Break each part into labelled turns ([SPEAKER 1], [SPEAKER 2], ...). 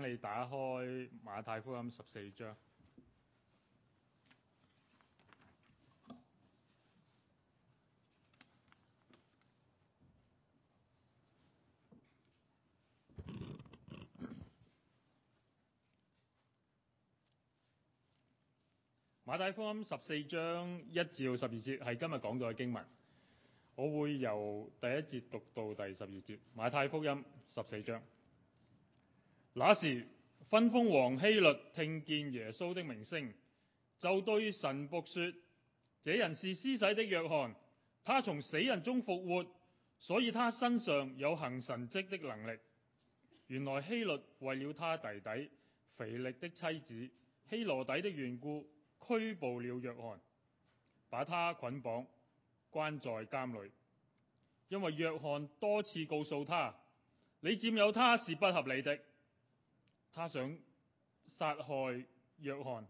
[SPEAKER 1] 請你打開《馬太福音》十四章，《 馬太福音》十四章一至十二節係今日講到嘅經文，我會由第一節讀到第十二節，《馬太福音》十四章。那時，分封王希律聽見耶穌的名聲，就對神僕說：這人是施洗的約翰，他從死人中復活，所以他身上有行神蹟的能力。原來希律為了他弟弟腓力的妻子希羅底的緣故，拘捕了約翰，把他捆綁關在監裏，因為約翰多次告訴他：你佔有他是不合理的。他想殺害約翰，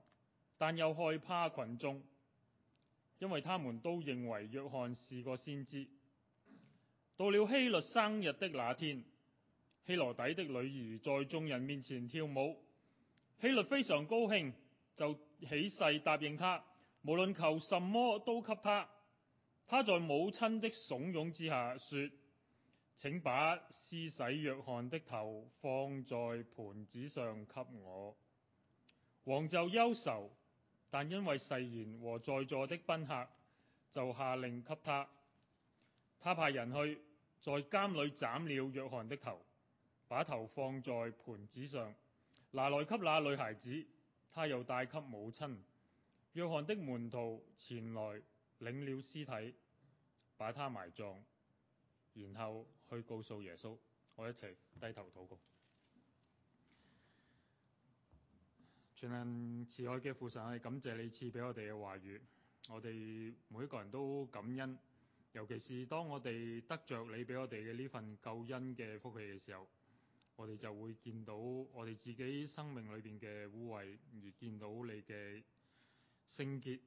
[SPEAKER 1] 但又害怕群眾，因為他們都認為約翰是個先知。到了希律生日的那天，希羅底的女兒在眾人面前跳舞，希律非常高興，就起誓答應他，無論求什麼都給他。他在母親的慫恿之下說。請把施洗約翰的頭放在盤子上給我。王就憂愁，但因為誓言和在座的賓客，就下令給他。他派人去，在監裏斬了約翰的頭，把頭放在盤子上，拿來給那女孩子，他又帶給母親。約翰的門徒前來領了屍體，把他埋葬，然後。去告訴耶穌，我一齊低頭禱告。全能慈愛嘅父神，係感謝你賜俾我哋嘅話語，我哋每一個人都感恩，尤其是當我哋得着你俾我哋嘅呢份救恩嘅福氣嘅時候，我哋就會見到我哋自己生命裏邊嘅污穢，而見到你嘅聖潔。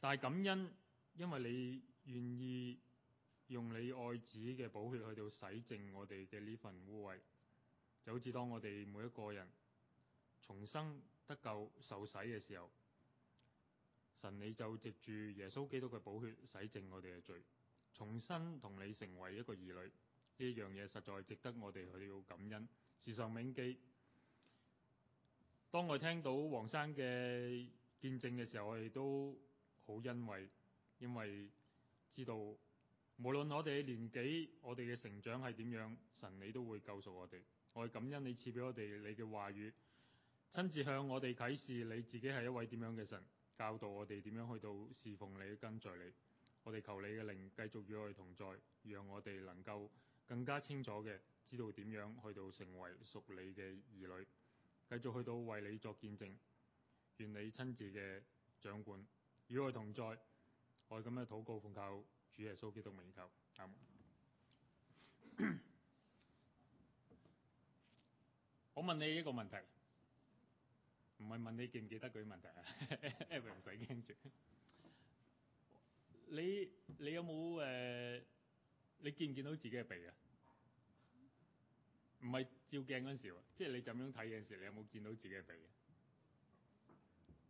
[SPEAKER 1] 但係感恩，因為你願意。用你愛子嘅寶血去到洗淨我哋嘅呢份污穢，就好似當我哋每一個人重生得救受洗嘅時候，神你就藉住耶穌基督嘅寶血洗淨我哋嘅罪，重新同你成為一個兒女呢樣嘢，實在值得我哋去到感恩，時常銘記。當我聽到黃生嘅見證嘅時候，我哋都好欣慰，因為知道。無論我哋年紀，我哋嘅成長係點樣，神你都會救贖我哋。我哋感恩你賜俾我哋你嘅話語，親自向我哋啟示你自己係一位點樣嘅神，教導我哋點樣去到侍奉你、跟隨你。我哋求你嘅靈繼續與我哋同在，讓我哋能夠更加清楚嘅知道點樣去到成為屬你嘅兒女，繼續去到為你作見證，願你親自嘅掌管與我哋同在。我哋咁樣禱告奉求。主要係數機讀文件，我問你一個問題，唔係問你記唔記得佢啲問題啊，唔使驚住，你你有冇誒、呃？你見唔見到自己嘅鼻啊？唔係照鏡嗰陣時，即係、就是、你咁樣睇嘅時候，你有冇見到自己嘅鼻啊？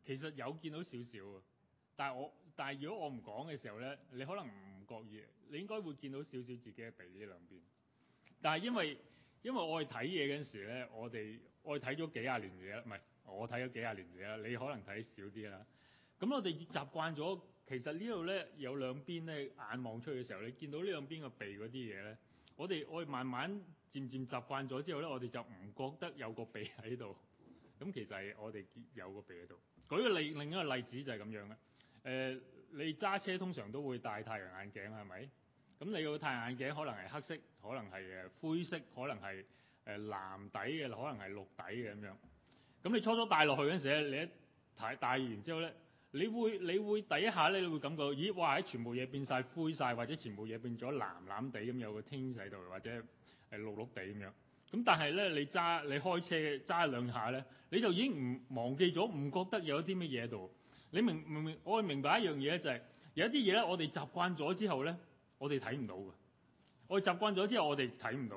[SPEAKER 1] 其實有見到少少，但係我但係如果我唔講嘅時候咧，你可能唔。各異，你應該會見到少少自己嘅鼻呢兩邊。但係因為因為我哋睇嘢嗰陣時咧，我哋我睇咗幾廿年嘢啦，唔係我睇咗幾廿年嘢啦，你可能睇少啲啦。咁我哋習慣咗，其實呢度咧有兩邊咧眼望出去嘅時候，你見到呢兩邊個鼻嗰啲嘢咧，我哋我哋慢慢漸漸習慣咗之後咧，我哋就唔覺得有個鼻喺度。咁其實係我哋有個鼻喺度。舉個例，另一個例子就係咁樣嘅，誒、呃。你揸車通常都會戴太陽眼鏡，係咪？咁你個太陽眼鏡可能係黑色，可能係誒灰色，可能係誒藍底嘅，可能係綠底嘅咁樣。咁你初初戴落去嗰陣時咧，你一戴戴完之後咧，你會你會，你會第一下咧，你會感覺咦哇！係全部嘢變晒灰晒，或者全部嘢變咗藍藍地咁，有個天喺度，或者係綠綠地咁樣。咁但係咧，你揸你開車嘅揸兩下咧，你就已經唔忘記咗，唔覺得有啲乜嘢度。你明唔明白，我哋明白一樣嘢咧，就係有一啲嘢咧，我哋習慣咗之後咧，我哋睇唔到嘅。我哋習慣咗之後，我哋睇唔到。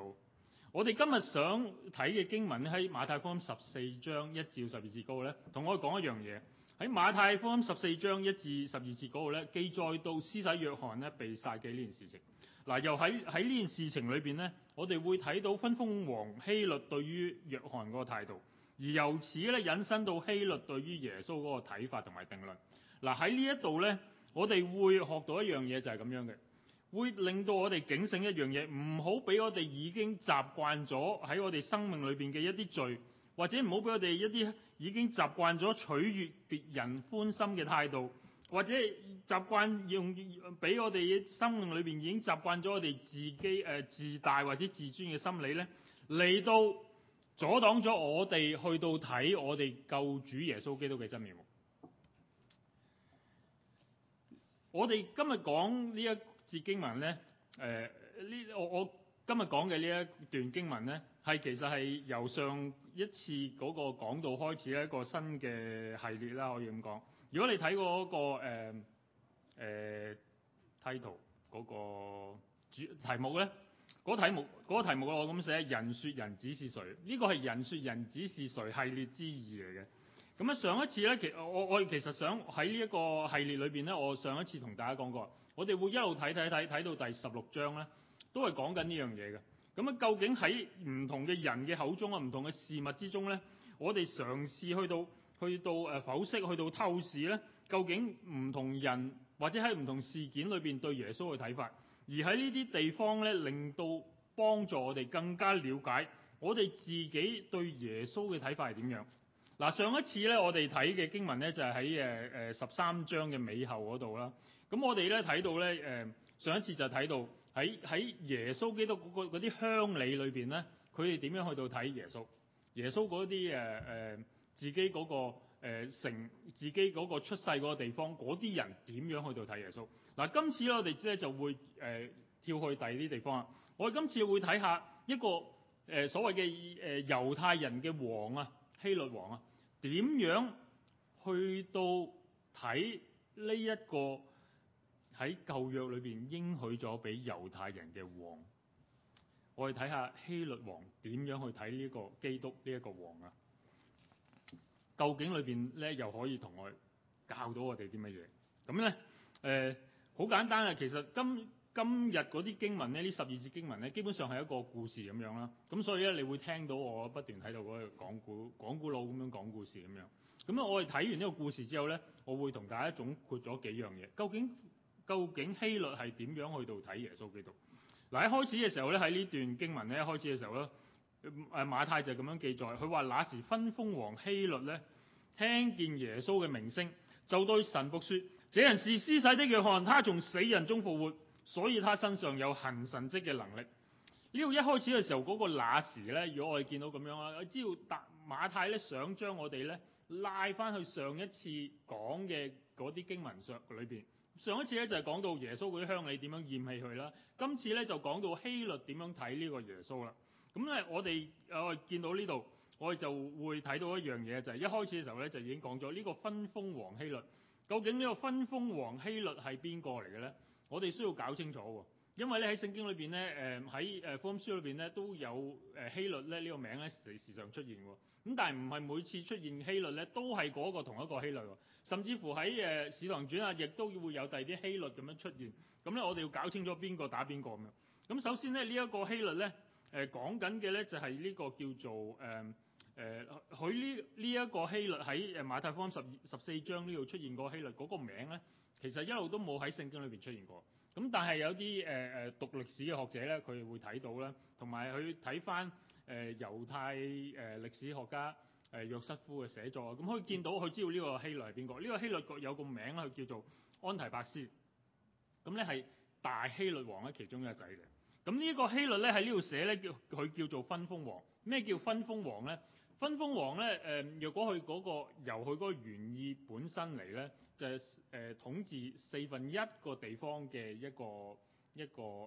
[SPEAKER 1] 我哋今日想睇嘅經文咧，喺馬太福音十四章一至十二節嗰度咧，同我哋講一樣嘢。喺馬太福音十四章一至十二節嗰度咧，記載到施洗約翰咧被殺嘅呢件事情。嗱，又喺喺呢件事情裏邊咧，我哋會睇到分封王希律對於約翰嗰個態度。而由此咧引申到希律對於耶穌嗰個睇法同埋定律。嗱，喺呢一度咧，我哋會學到一樣嘢就係咁樣嘅，會令到我哋警醒一樣嘢，唔好俾我哋已經習慣咗喺我哋生命裏邊嘅一啲罪，或者唔好俾我哋一啲已經習慣咗取悅別人歡心嘅態度，或者習慣用俾我哋生命裏邊已經習慣咗我哋自己誒、呃、自大或者自尊嘅心理咧嚟到。阻擋咗我哋去到睇我哋救主耶穌基督嘅真面目。我哋今日講呢一節經文咧，誒、呃，呢我我今日講嘅呢一段經文咧，係其實係由上一次嗰個講道開始一個新嘅系列啦，可以咁講。如果你睇過嗰、那個誒誒、呃呃、title 嗰個主題目咧？嗰題目嗰，那個題目我咁寫，人説人只是誰？呢個係人説人只是誰系列之二嚟嘅。咁啊上一次呢，其我我其實想喺呢一個系列裏邊呢，我上一次同大家講過，我哋會一路睇睇睇睇到第十六章呢，都係講緊呢樣嘢嘅。咁啊究竟喺唔同嘅人嘅口中啊，唔同嘅事物之中呢，我哋嘗試去到去到誒剖析，去到透視呢？究竟唔同人或者喺唔同事件裏邊對耶穌嘅睇法？而喺呢啲地方咧，令到幫助我哋更加了解我哋自己對耶穌嘅睇法係點樣嗱。上一次咧，我哋睇嘅經文咧就係喺誒誒十三章嘅尾後嗰度啦。咁我哋咧睇到咧，誒上一次就睇到喺喺耶穌基督嗰啲鄉里裏邊咧，佢哋點樣去到睇耶穌？耶穌嗰啲誒誒自己嗰個。誒、成、呃、自己嗰個出世嗰個地方，嗰啲人點樣去到睇耶穌？嗱、啊，今次我哋咧就會誒、呃、跳去第二啲地方啊。我哋今次會睇下一個誒、呃、所謂嘅誒、呃、猶太人嘅王啊，希律王啊，點樣去到睇呢一個喺舊約裏邊應許咗俾猶太人嘅王？我哋睇下希律王點樣去睇呢、這個基督呢一個王啊！究竟裏邊咧又可以同我教到我哋啲乜嘢？咁咧誒，好、呃、簡單啊！其實今今日嗰啲經文咧，呢十二節經文咧，基本上係一個故事咁樣啦。咁所以咧，你會聽到我不斷喺度度講古講古佬咁樣講故事咁樣。咁咧，我哋睇完呢個故事之後咧，我會同大家總括咗幾樣嘢。究竟究竟希律係點樣去到睇耶穌基督？嗱，喺開始嘅時候咧，喺呢段經文咧，一開始嘅時候咧。誒馬太就咁樣記載，佢話那時分封王希律咧，聽見耶穌嘅名聲，就對神僕説：這人是施洗的約翰，他從死人中復活，所以他身上有行神蹟嘅能力。呢度一開始嘅時候嗰、那個那時咧，如果我哋見到咁樣啊，只要搭馬太咧，想將我哋咧拉翻去上一次講嘅嗰啲經文上裏邊。上一次咧就係、是、講到耶穌嗰啲鄉里點樣厭棄佢啦，今次咧就講到希律點樣睇呢個耶穌啦。咁咧，我哋誒見到呢度，我哋就會睇到一樣嘢，就係一開始嘅時候咧，就已經講咗呢個分封王希律。究竟呢個分封王希律係邊個嚟嘅咧？我哋需要搞清楚喎，因為咧喺聖經裏邊咧，誒喺誒福音書裏邊咧都有誒希律咧呢個名咧時常出現喎。咁但係唔係每次出現希律咧都係嗰個同一個希律喎。甚至乎喺誒史堂傳啊，亦都會有第二啲希律咁樣出現。咁咧，我哋要搞清楚邊個打邊個咁樣。咁首先咧，呢一個希律咧。誒講緊嘅咧就係呢個叫做誒誒，佢呢呢一個希律喺誒馬太福音十十四章呢度出現過希律嗰個名咧，其實一路都冇喺聖經裏邊出現過。咁但係有啲誒誒讀歷史嘅學者咧，佢會睇到啦，同埋佢睇翻誒猶太誒歷史學家誒約瑟夫嘅寫作，咁可以見到佢知道呢個希律係邊個，呢個希律國有個名佢叫做安提帕斯，咁咧係大希律王咧其中一個仔嚟。咁呢一個希律咧喺呢度寫咧，叫佢叫做分封王。咩叫分封王咧？分封王咧，誒、呃、若果佢嗰、那個由佢嗰個原意本身嚟咧，就係、是、誒、呃、統治四分一個地方嘅一個一個誒誒誒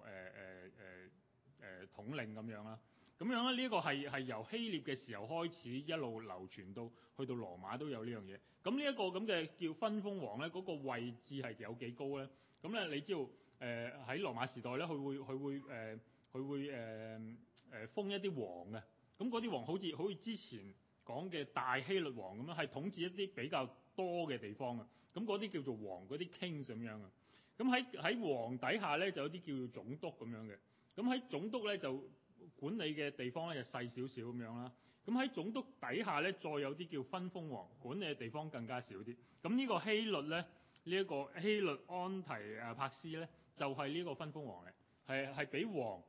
[SPEAKER 1] 誒統領咁樣啦。咁樣咧，呢、這、一個係係由希臘嘅時候開始一路流傳到去到羅馬都有呢樣嘢。咁呢一個咁嘅叫分封王咧，嗰、這個位置係有幾高咧？咁、嗯、咧，你知道？誒喺、 呃、羅馬時代咧，佢會佢會誒佢、呃、會誒誒、呃呃、封一啲王嘅，咁嗰啲王好似好似之前講嘅大希律王咁樣，係統治一啲比較多嘅地方嘅，咁嗰啲叫做王嗰啲 king 咁樣嘅。咁喺喺王底下咧就有啲叫總督咁樣嘅，咁喺總督咧就管理嘅地方咧就細少少咁樣啦。咁喺總督底下咧再有啲叫分封王，管理嘅地方更加少啲。咁呢個希律咧，呢、這、一個希律安提阿、啊、帕斯咧。呢啊就係呢個分封王咧，係係比王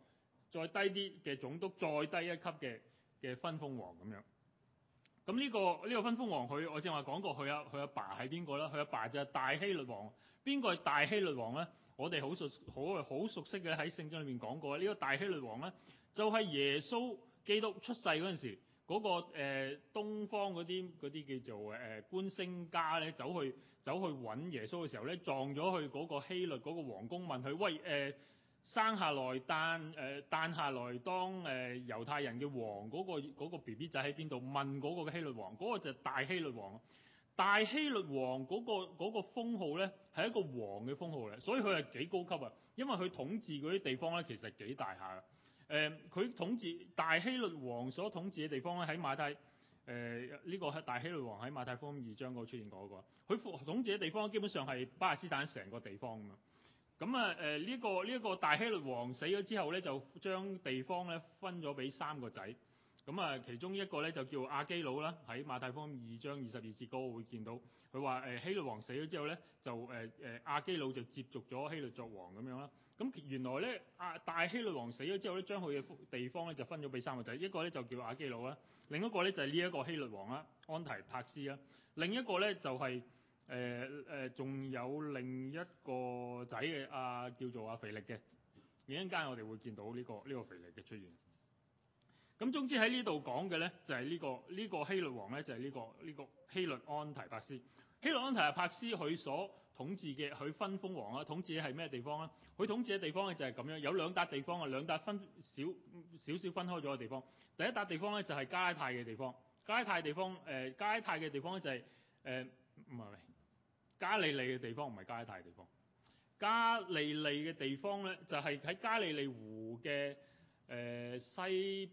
[SPEAKER 1] 再低啲嘅總督，再低一級嘅嘅分封王咁樣。咁呢、呢個呢、呢個分封王，佢我正話講過，佢阿佢阿爸係邊個咧？佢阿爸，爸就係大希律王。邊個係大希律王咧？我哋好熟，好好熟悉嘅喺聖經裏面講過。呢、呢個大希律王咧，就係、係、耶穌基督出世嗰陣時嗰、嗰個、呃、東方嗰啲啲叫做誒觀、呃、星家咧走去。走去揾耶穌嘅時候咧，撞咗去嗰個希律嗰個皇宮，問佢，喂，誒、呃、生下來誕誒誕下來當誒、呃、猶太人嘅王嗰、那個 B B、那個、仔喺邊度？問嗰個嘅希律王，嗰、那個就係大希律王。大希律王嗰、那個那個封號咧，係一個王嘅封號嚟，所以佢係幾高級啊！因為佢統治嗰啲地方咧，其實幾大下嘅。佢、呃、統治大希律王所統治嘅地方咧，喺馬太。誒呢、呃這個係大希律王喺馬太福音二章嗰個出現過嗰個，佢統治嘅地方基本上係巴勒斯坦成個地方咁啊。咁啊誒呢一個呢一、這個大希律王死咗之後咧，就將地方咧分咗俾三個仔。咁、嗯、啊其中一個咧就叫亞基老啦，喺馬太福音二章二十二節嗰個會見到，佢話誒希律王死咗之後咧，就誒誒亞基老就接續咗希律作王咁樣啦。咁、嗯、原來咧阿、啊、大希律王死咗之後咧，將佢嘅地方咧就分咗俾三個仔，一個咧就叫亞基老啦。另一個咧就係呢一個希律王啦，安提帕斯啦；另一個咧就係誒誒，仲、呃呃、有另一個仔嘅，啊叫做阿、啊、腓力嘅。有陣間我哋會見到呢、呢個呢、呢個腓力嘅出現。咁總之喺呢度講嘅咧、呢個，就係呢個呢個希律王咧、呢個，就係呢個呢個希律安提帕斯。希律安提帕斯佢所統治嘅佢分封王啊，統治嘅係咩地方啊？佢統治嘅地方咧就係咁樣，有兩笪地方啊，兩笪分少少少分開咗嘅地方。第一笪地方咧就係加拉泰嘅地方，加拉泰地方誒加拉泰嘅地方咧、呃、就係誒唔係加利利嘅地方，唔係加拉泰嘅地方。加利利嘅地方咧就係喺加利利湖嘅誒、呃、西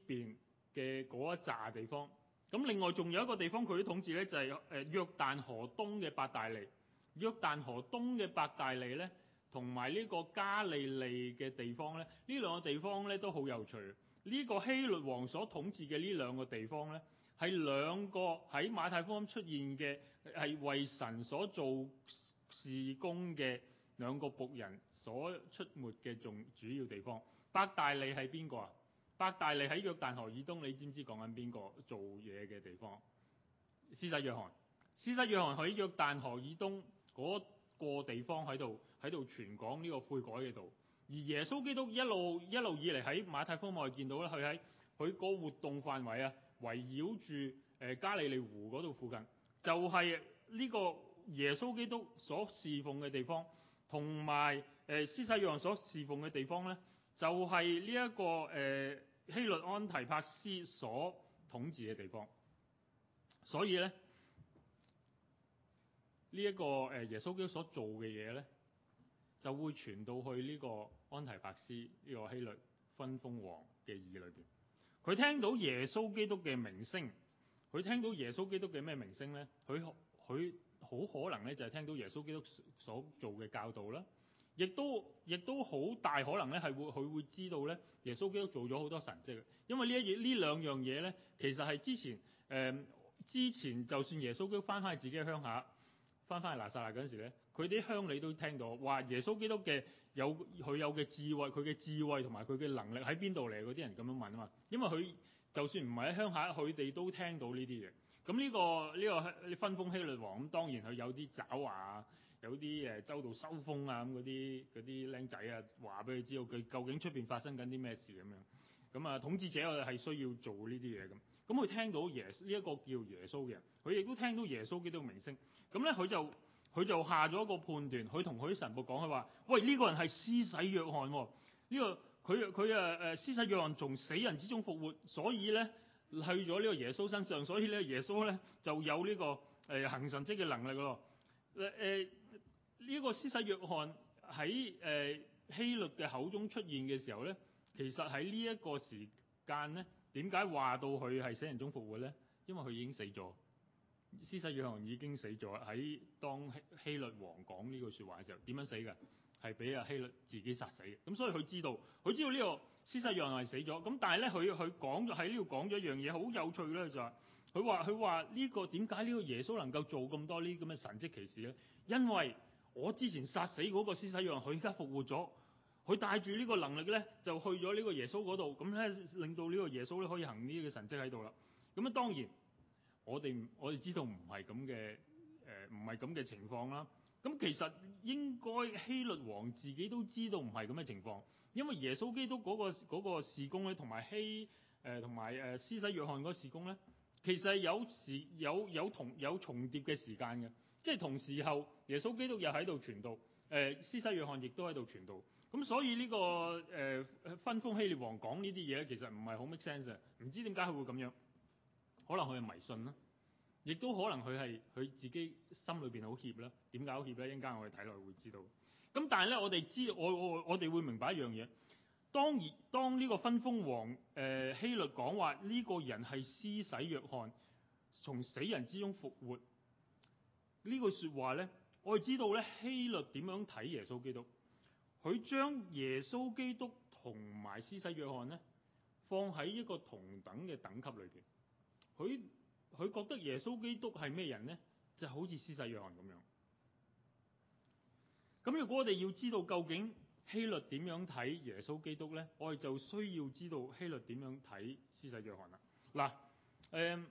[SPEAKER 1] 邊嘅嗰一紮地方。咁另外仲有一個地方佢統治咧就係誒約旦河東嘅八大利。約旦河東嘅伯大尼咧，同埋呢個加利利嘅地方咧，呢兩個地方咧都好有趣。呢、這個希律王所統治嘅呢兩個地方咧，係兩個喺馬太福音出現嘅，係為神所做事工嘅兩個僕人所出沒嘅重主要地方。伯大尼係邊個啊？伯大尼喺約旦河以東，你知唔知講緊邊個做嘢嘅地方？施洗約翰，施洗約翰喺約旦河以東。嗰個地方，喺度喺度傳講呢個悔改嘅道。而耶穌基督一路一路以嚟，喺馬太福音我哋見到咧，佢喺佢個活動範圍啊，圍繞住誒、呃、加利利湖嗰度附近，就係、是、呢個耶穌基督所侍奉嘅地方，同埋誒施洗約翰所侍奉嘅地方咧，就係呢一個誒、呃、希律安提帕斯所統治嘅地方，所以咧。呢一個誒耶穌基督所做嘅嘢咧，就會傳到去呢個安提帕斯呢個希律分封王嘅耳裏邊。佢聽到耶穌基督嘅名聲，佢聽到耶穌基督嘅咩名聲咧？佢佢好可能咧，就係聽到耶穌基督所做嘅教導啦。亦都亦都好大可能咧，係會佢會知道咧，耶穌基督做咗好多神跡嘅。因為呢一呢兩樣嘢咧，其實係之前誒、呃、之前就算耶穌基督翻返自己嘅鄉下。翻翻去拿撒勒嗰陣時咧，佢啲鄉里都聽到，話耶穌基督嘅有佢有嘅智慧，佢嘅智慧同埋佢嘅能力喺邊度嚟？嗰啲人咁樣問啊嘛，因為佢就算唔係喺鄉下，佢哋都聽到呢啲嘢。咁呢個呢個分封希律王，咁當然佢有啲爪牙，有啲誒周到收風啊，咁嗰啲嗰啲僆仔啊，話俾佢知道佢究竟出邊發生緊啲咩事咁樣。咁啊統治者係需要做呢啲嘢咁。咁佢、嗯、聽到耶呢一、這個叫耶穌嘅人，佢亦都聽到耶穌嘅名聲，咁咧佢就佢就下咗一個判斷，佢同佢啲神父講，佢話：，喂呢、這個人係施洗約翰喎、哦，呢、這個佢佢誒誒施洗約翰從死人之中復活，所以咧去咗呢個耶穌身上，所以咧耶穌咧就有呢、這個誒、呃、行神蹟嘅能力咯。誒誒呢個施洗約翰喺誒、呃、希律嘅口中出現嘅時候咧，其實喺呢一個時間咧。點解話到佢係死人中復活咧？因為佢已經死咗，施洗約翰已經死咗，喺當希律王講呢句説話嘅時候，點樣死嘅？係俾阿希律自己殺死嘅。咁所以佢知道，佢知道個世呢個施洗約翰係死咗。咁但係咧，佢佢講咗喺呢度講咗一樣嘢，好有趣咧、就是，就係佢話佢話呢個點解呢個耶穌能夠做咁多呢啲咁嘅神蹟奇事咧？因為我之前殺死嗰個施洗約翰，佢而家復活咗。佢帶住呢個能力咧，就去咗呢個耶穌嗰度，咁、嗯、咧令到呢個耶穌咧可以行呢個神跡喺度啦。咁、嗯、啊，當然我哋我哋知道唔係咁嘅誒，唔係咁嘅情況啦。咁、嗯、其實應該希律王自己都知道唔係咁嘅情況，因為耶穌基督嗰個嗰個嗰個事工咧，同埋希誒同埋誒施洗約翰嗰個事工咧，其實係有時有有，有同有重疊嘅時間嘅，即係同時候耶穌基督又喺度傳道，誒施洗約翰亦都喺度傳道。咁、嗯、所以呢、呢個誒分封希律王講呢啲嘢，其實唔係好 make sense，唔知點解佢會咁樣，可能佢係迷信啦，亦都可能佢係佢自己心裏邊好怯啦。點解好怯咧？一陣間我哋睇落會知道。咁、嗯、但係咧，我哋知我我我哋會明白一樣嘢。當當呢個分封王誒、呃、希律講話呢、呢個人係施洗約翰，從死人之中復活，呢個、說呢句説話咧，我哋知道咧希律點樣睇耶穌基督。佢將耶穌基督同埋施洗約翰咧，放喺一個同等嘅等級裏邊。佢佢覺得耶穌基督係咩人咧？就好似施洗約翰咁樣。咁如果我哋要知道究竟希律點樣睇耶穌基督咧，我哋就需要知道希律點樣睇施洗約翰啦。嗱，誒、嗯，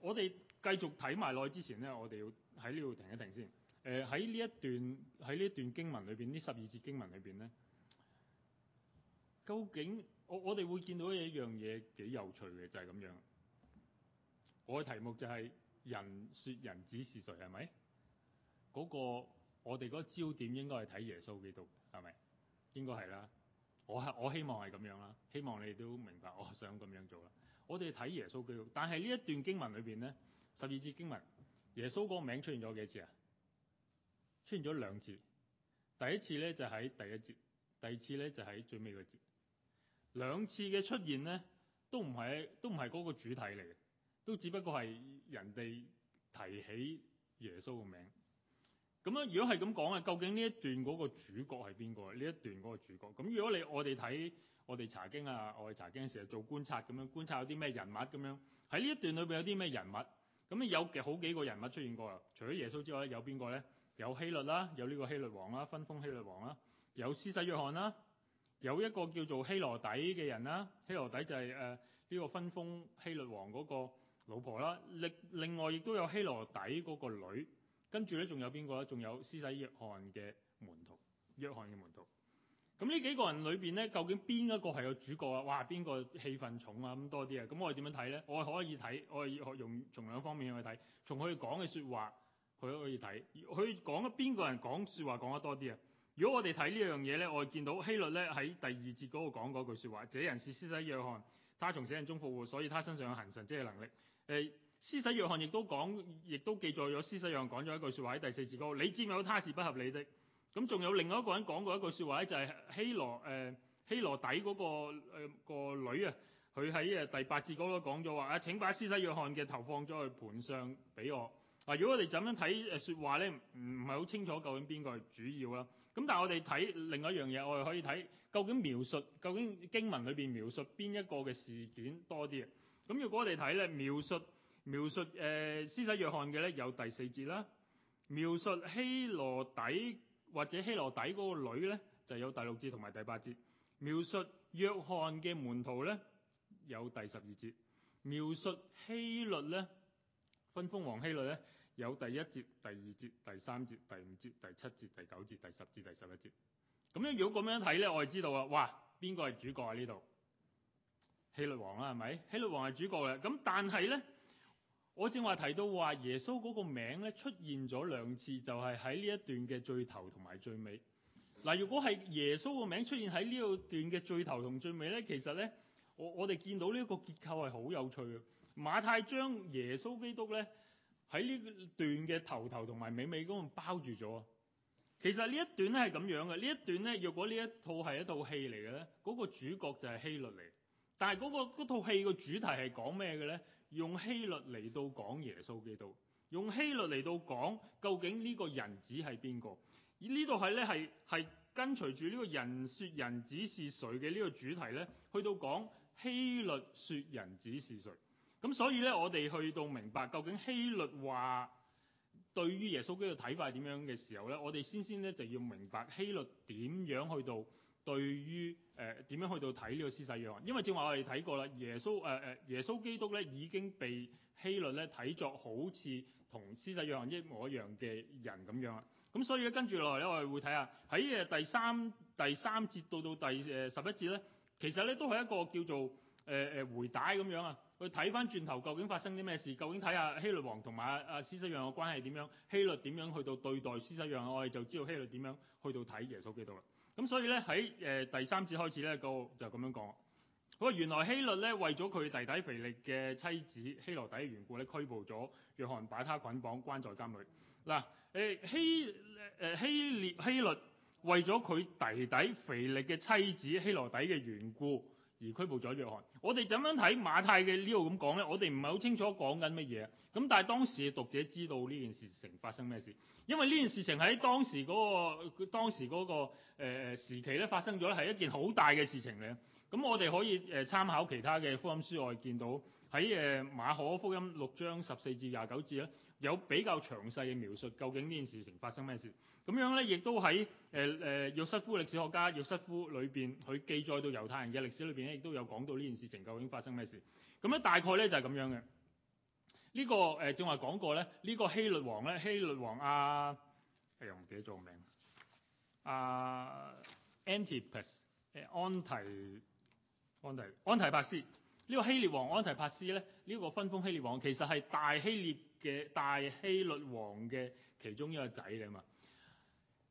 [SPEAKER 1] 我哋繼續睇埋落去之前咧，我哋要喺呢度停一停先。誒，喺呢一段，喺呢一段經文裏邊，呢十二節經文裏邊咧，究竟我，我哋會見到一樣嘢幾有趣嘅，就係咁樣。我嘅題目就係人説人子是誰，係咪？嗰個我哋嗰個焦點應該係睇耶穌基督係咪？應該係啦。我係，我希望係咁樣啦。希望你都明白，我想咁樣做啦。我哋睇耶穌基督，但係呢一段經文裏邊咧，十二節經文，耶穌個名出現咗幾次啊？出現咗兩次，第一次咧就喺第一節，第二次咧就喺最尾個節。兩次嘅出現咧，都唔係都唔係嗰個主題嚟嘅，都只不過係人哋提起耶穌嘅名。咁、嗯、樣如果係咁講啊，究竟呢一段嗰個主角係邊個？呢一段嗰個主角。咁、嗯、如果你我哋睇我哋查經啊，我哋查經成日做觀察咁樣，觀察有啲咩人物咁樣喺呢一段裏邊有啲咩人物？咁有幾、嗯、好幾個人物出現過啊？除咗耶穌之外，有邊個咧？有希律啦，有呢個希律王啦，分封希律王啦，有施洗約翰啦，有一個叫做希羅底嘅人啦，希羅底就係誒呢個分封希律王嗰個老婆啦，另另外亦都有希羅底嗰個女，跟住咧仲有邊個咧？仲有施洗約翰嘅門徒，約翰嘅門徒。咁呢幾個人裏邊咧，究竟邊一個係有主角啊？哇，邊個戲份重啊？咁多啲啊？咁我哋點樣睇咧？我哋可以睇，我哋用從兩方面去睇，從佢講嘅說話。佢都可以睇，佢講咗邊個人講説話講得多啲啊？如果我哋睇呢樣嘢咧，我會見到希律咧喺第二節嗰度講嗰句説話，這人是施洗約翰，他從死人中復活，所以他身上有行神即係能力。誒，施、呃、洗約翰亦都講，亦都記載咗施洗約翰講咗一句説話喺第四節嗰個，你佔有他是不合理的。咁仲有另外一個人講過一句説話咧，就係、是、希羅誒、呃、希羅底嗰、那個誒、呃、女啊，佢喺誒第八節嗰度講咗話啊，請把施洗約翰嘅頭放咗去盤上俾我。嗱，如果我哋就咁樣睇誒説話咧，唔唔係好清楚究竟邊個係主要啦。咁但係我哋睇另外一樣嘢，我哋可以睇究竟描述究竟經文裏邊描述邊一個嘅事件多啲啊？咁如果我哋睇咧，描述描述誒施洗約翰嘅咧有第四節啦，描述希羅底或者希羅底嗰個女咧就有第六節同埋第八節，描述約翰嘅門徒咧有第十二節，描述希律咧。分封王希律咧有第一節、第二節、第三節、第五節、第七節、第九節、第十節、第十一節。咁樣如果咁樣睇咧，我哋知道啊，哇，邊個係主角啊？呢度希律王啊，係咪？希律王係主角嘅。咁但係咧，我正話提到話耶穌嗰個名咧出現咗兩次，就係喺呢一段嘅最頭同埋最尾。嗱，如果係耶穌個名出現喺呢一段嘅最頭同最尾咧，其實咧，我我哋見到呢一個結構係好有趣嘅。馬太將耶穌基督咧喺呢段嘅頭頭同埋尾尾嗰度包住咗。其實呢一段咧係咁樣嘅。呢一段咧，若果呢一套係一套戲嚟嘅咧，嗰個主角就係希律嚟。但係嗰套戲嘅主題係講咩嘅咧？用希律嚟到講耶穌基督，用希律嚟到講究竟呢個人子係邊個？而呢度係咧係係跟隨住呢個人說人子是誰嘅呢個主題咧，去到講希律說人子是誰。咁所以咧，我哋去到明白究竟希律話對於耶穌基督嘅睇法係點樣嘅時候咧，我哋先先咧就要明白希律點樣去到對於誒，點樣去到睇呢個施洗約翰。因為正話我哋睇過啦，耶穌誒誒耶穌基督咧已經被希律咧睇作好似同施洗約翰一模一樣嘅人咁樣啦。咁所以咧跟住落嚟咧，我哋會睇下喺誒第三第三節到到第誒十一節咧，其實咧都係一個叫做誒誒、呃、回帶咁樣啊。去睇翻轉頭，究竟發生啲咩事？究竟睇下希律王同埋阿施洗約嘅關係點樣？希律點樣去到對待施洗約，我哋就知道希律點樣去到睇耶穌基督啦。咁所以咧喺誒第三節開始咧，就咁樣講。好啊，原來希律咧為咗佢弟弟腓力嘅妻子希羅底嘅緣故咧，拘捕咗約翰，把他捆綁關在監裏。嗱、啊、誒、呃、希誒、呃、希列希律為咗佢弟弟腓力嘅妻子希羅底嘅緣故。而拘捕咗約翰。我哋怎樣睇馬太嘅呢度咁講呢，我哋唔係好清楚講緊乜嘢。咁但係當時嘅讀者知道呢件事情發生咩事？因為呢件事情喺當時嗰、那個當時嗰、那個誒、呃、時期咧發生咗，係一件好大嘅事情嚟嘅。咁我哋可以誒、呃、參考其他嘅福音書，我哋見到喺誒、呃、馬可福音六章十四至廿九節咧。有比較詳細嘅描述，究竟呢件事情發生咩事？咁樣咧，亦都喺誒誒約瑟夫歷史學家約瑟夫裏邊，佢記載到猶太人嘅歷史裏邊咧，亦都有講到呢件事情究竟發生咩事。咁樣大概咧就係、是、咁樣嘅。呢、這個誒正話講過咧，呢、這個希律王咧，希律王阿又唔記得咗名，阿、啊、Antipas 誒、啊、安提安提安提帕斯，這個、斯呢個希律王安提帕斯咧，呢、這個分封希律王其實係大希律。嘅大希律王嘅其中一個仔嚟啊嘛！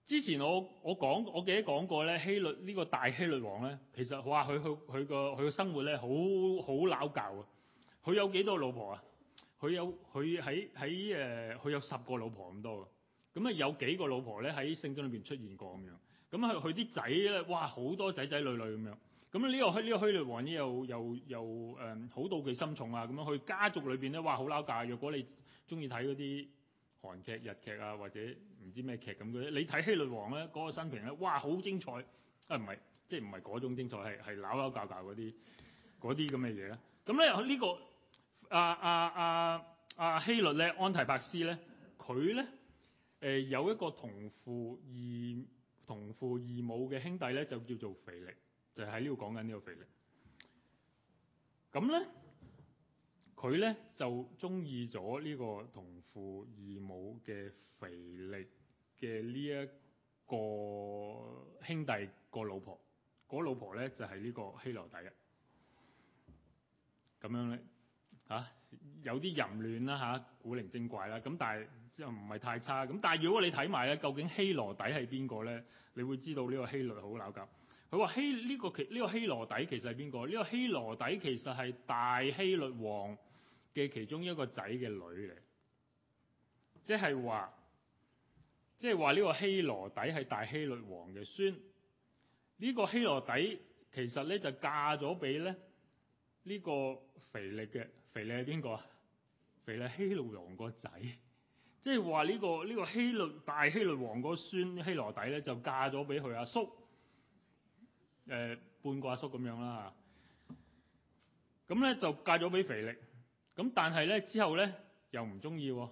[SPEAKER 1] 之前我我講，我記得講過咧，希律呢個大希律王咧，其實哇，佢佢佢個佢嘅生活咧，好好撈教啊！佢有幾多老婆啊？佢有佢喺喺誒，佢有十個老婆咁多嘅。咁啊，有幾個老婆咧喺聖經裏邊出現過咁樣。咁佢佢啲仔咧，哇，好多仔仔女女咁樣。咁呢個呢個希律王咧，又又又誒，好妒忌心重啊！咁樣佢家族裏邊咧，哇，好撈教。若果你中意睇嗰啲韓劇、日劇啊，或者唔知咩劇咁嘅。你睇《希律王》咧，嗰個新片咧，哇，好精彩！啊，唔係，即係唔係嗰種精彩，係係扭扭教教嗰啲，嗰啲咁嘅嘢咧。咁咧呢個，呢個阿阿阿阿希律咧，安提伯斯咧，佢咧誒有一個同父異同父異母嘅兄弟咧，就叫做腓力，就係喺呢度講緊呢個腓力。咁咧。佢咧就中意咗呢個同父異母嘅腓力嘅呢一個兄弟個老、那個老婆，嗰老婆咧就係、是、呢個希羅底啊。咁樣咧嚇，有啲淫亂啦、啊、嚇、啊，古靈精怪啦、啊。咁但係即係唔係太差。咁但係如果你睇埋咧，究竟希羅底係邊個咧，你會知道呢個希律好撚夾。佢話希呢、這個其呢、這個希羅底其實係邊個？呢、這個希羅底其實係大希律王嘅其中一個仔嘅女嚟，即係話，即係話呢個希羅底係大希律王嘅孫。呢、這個希羅底其實咧就嫁咗俾咧呢、這個腓力嘅，腓力係邊個啊？腓力希律王個仔，即係話呢個呢、這個希律大希律王個孫希羅底咧就嫁咗俾佢阿叔，誒、呃、半個阿叔咁樣啦。咁咧就嫁咗俾腓力。咁但係咧，之後咧又唔中意，咁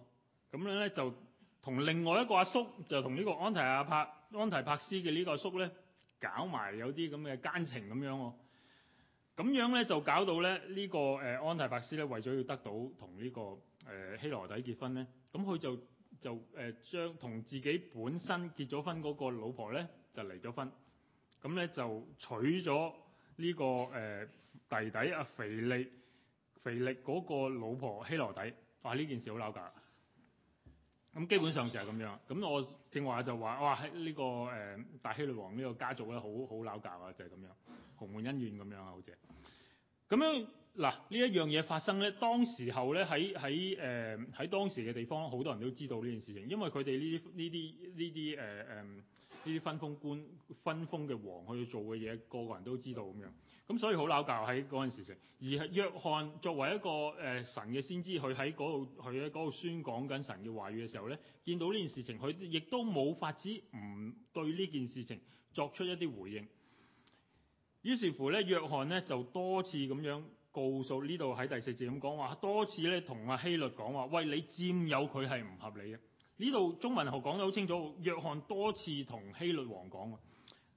[SPEAKER 1] 樣咧就同另外一個阿叔，就同呢個安提阿帕、安提帕斯嘅呢個阿叔咧搞埋有啲咁嘅奸情咁樣喎、哦，咁樣咧就搞到咧呢、呢個誒安提帕斯咧為咗要得到同呢、呢個誒、呃、希羅底結婚咧，咁、嗯、佢就就誒將同自己本身結咗婚嗰個老婆咧就離咗婚，咁、嗯、咧、嗯、就娶咗呢、呢個誒、呃、弟弟阿肥利。腓力嗰個老婆希羅底，話呢件事好撈架。咁基本上就係咁樣。咁我正話就話，哇！喺、這、呢個誒、呃、大希律王呢個家族咧，好好撈架啊，就係、是、咁樣，豪門恩怨咁樣啊，好似。咁樣嗱，呢一樣嘢發生咧，當時候咧喺喺誒喺當時嘅地方，好多人都知道呢件事情，因為佢哋呢啲呢啲呢啲誒誒。呢啲分封官、分封嘅王去做嘅嘢，個個人都知道咁樣，咁所以好嬲㗎喺嗰陣時，而係約翰作為一個誒、呃、神嘅先知，佢喺嗰度，佢喺嗰度宣講緊神嘅話語嘅時候咧，見到呢件事情，佢亦都冇法子唔對呢件事情作出一啲回應。於是乎咧，約翰咧就多次咁樣告訴呢度喺第四節咁講話，多次咧同阿希律講話，喂，你佔有佢係唔合理嘅。呢度中文學講得好清楚，約翰多次同希律王講喎。誒、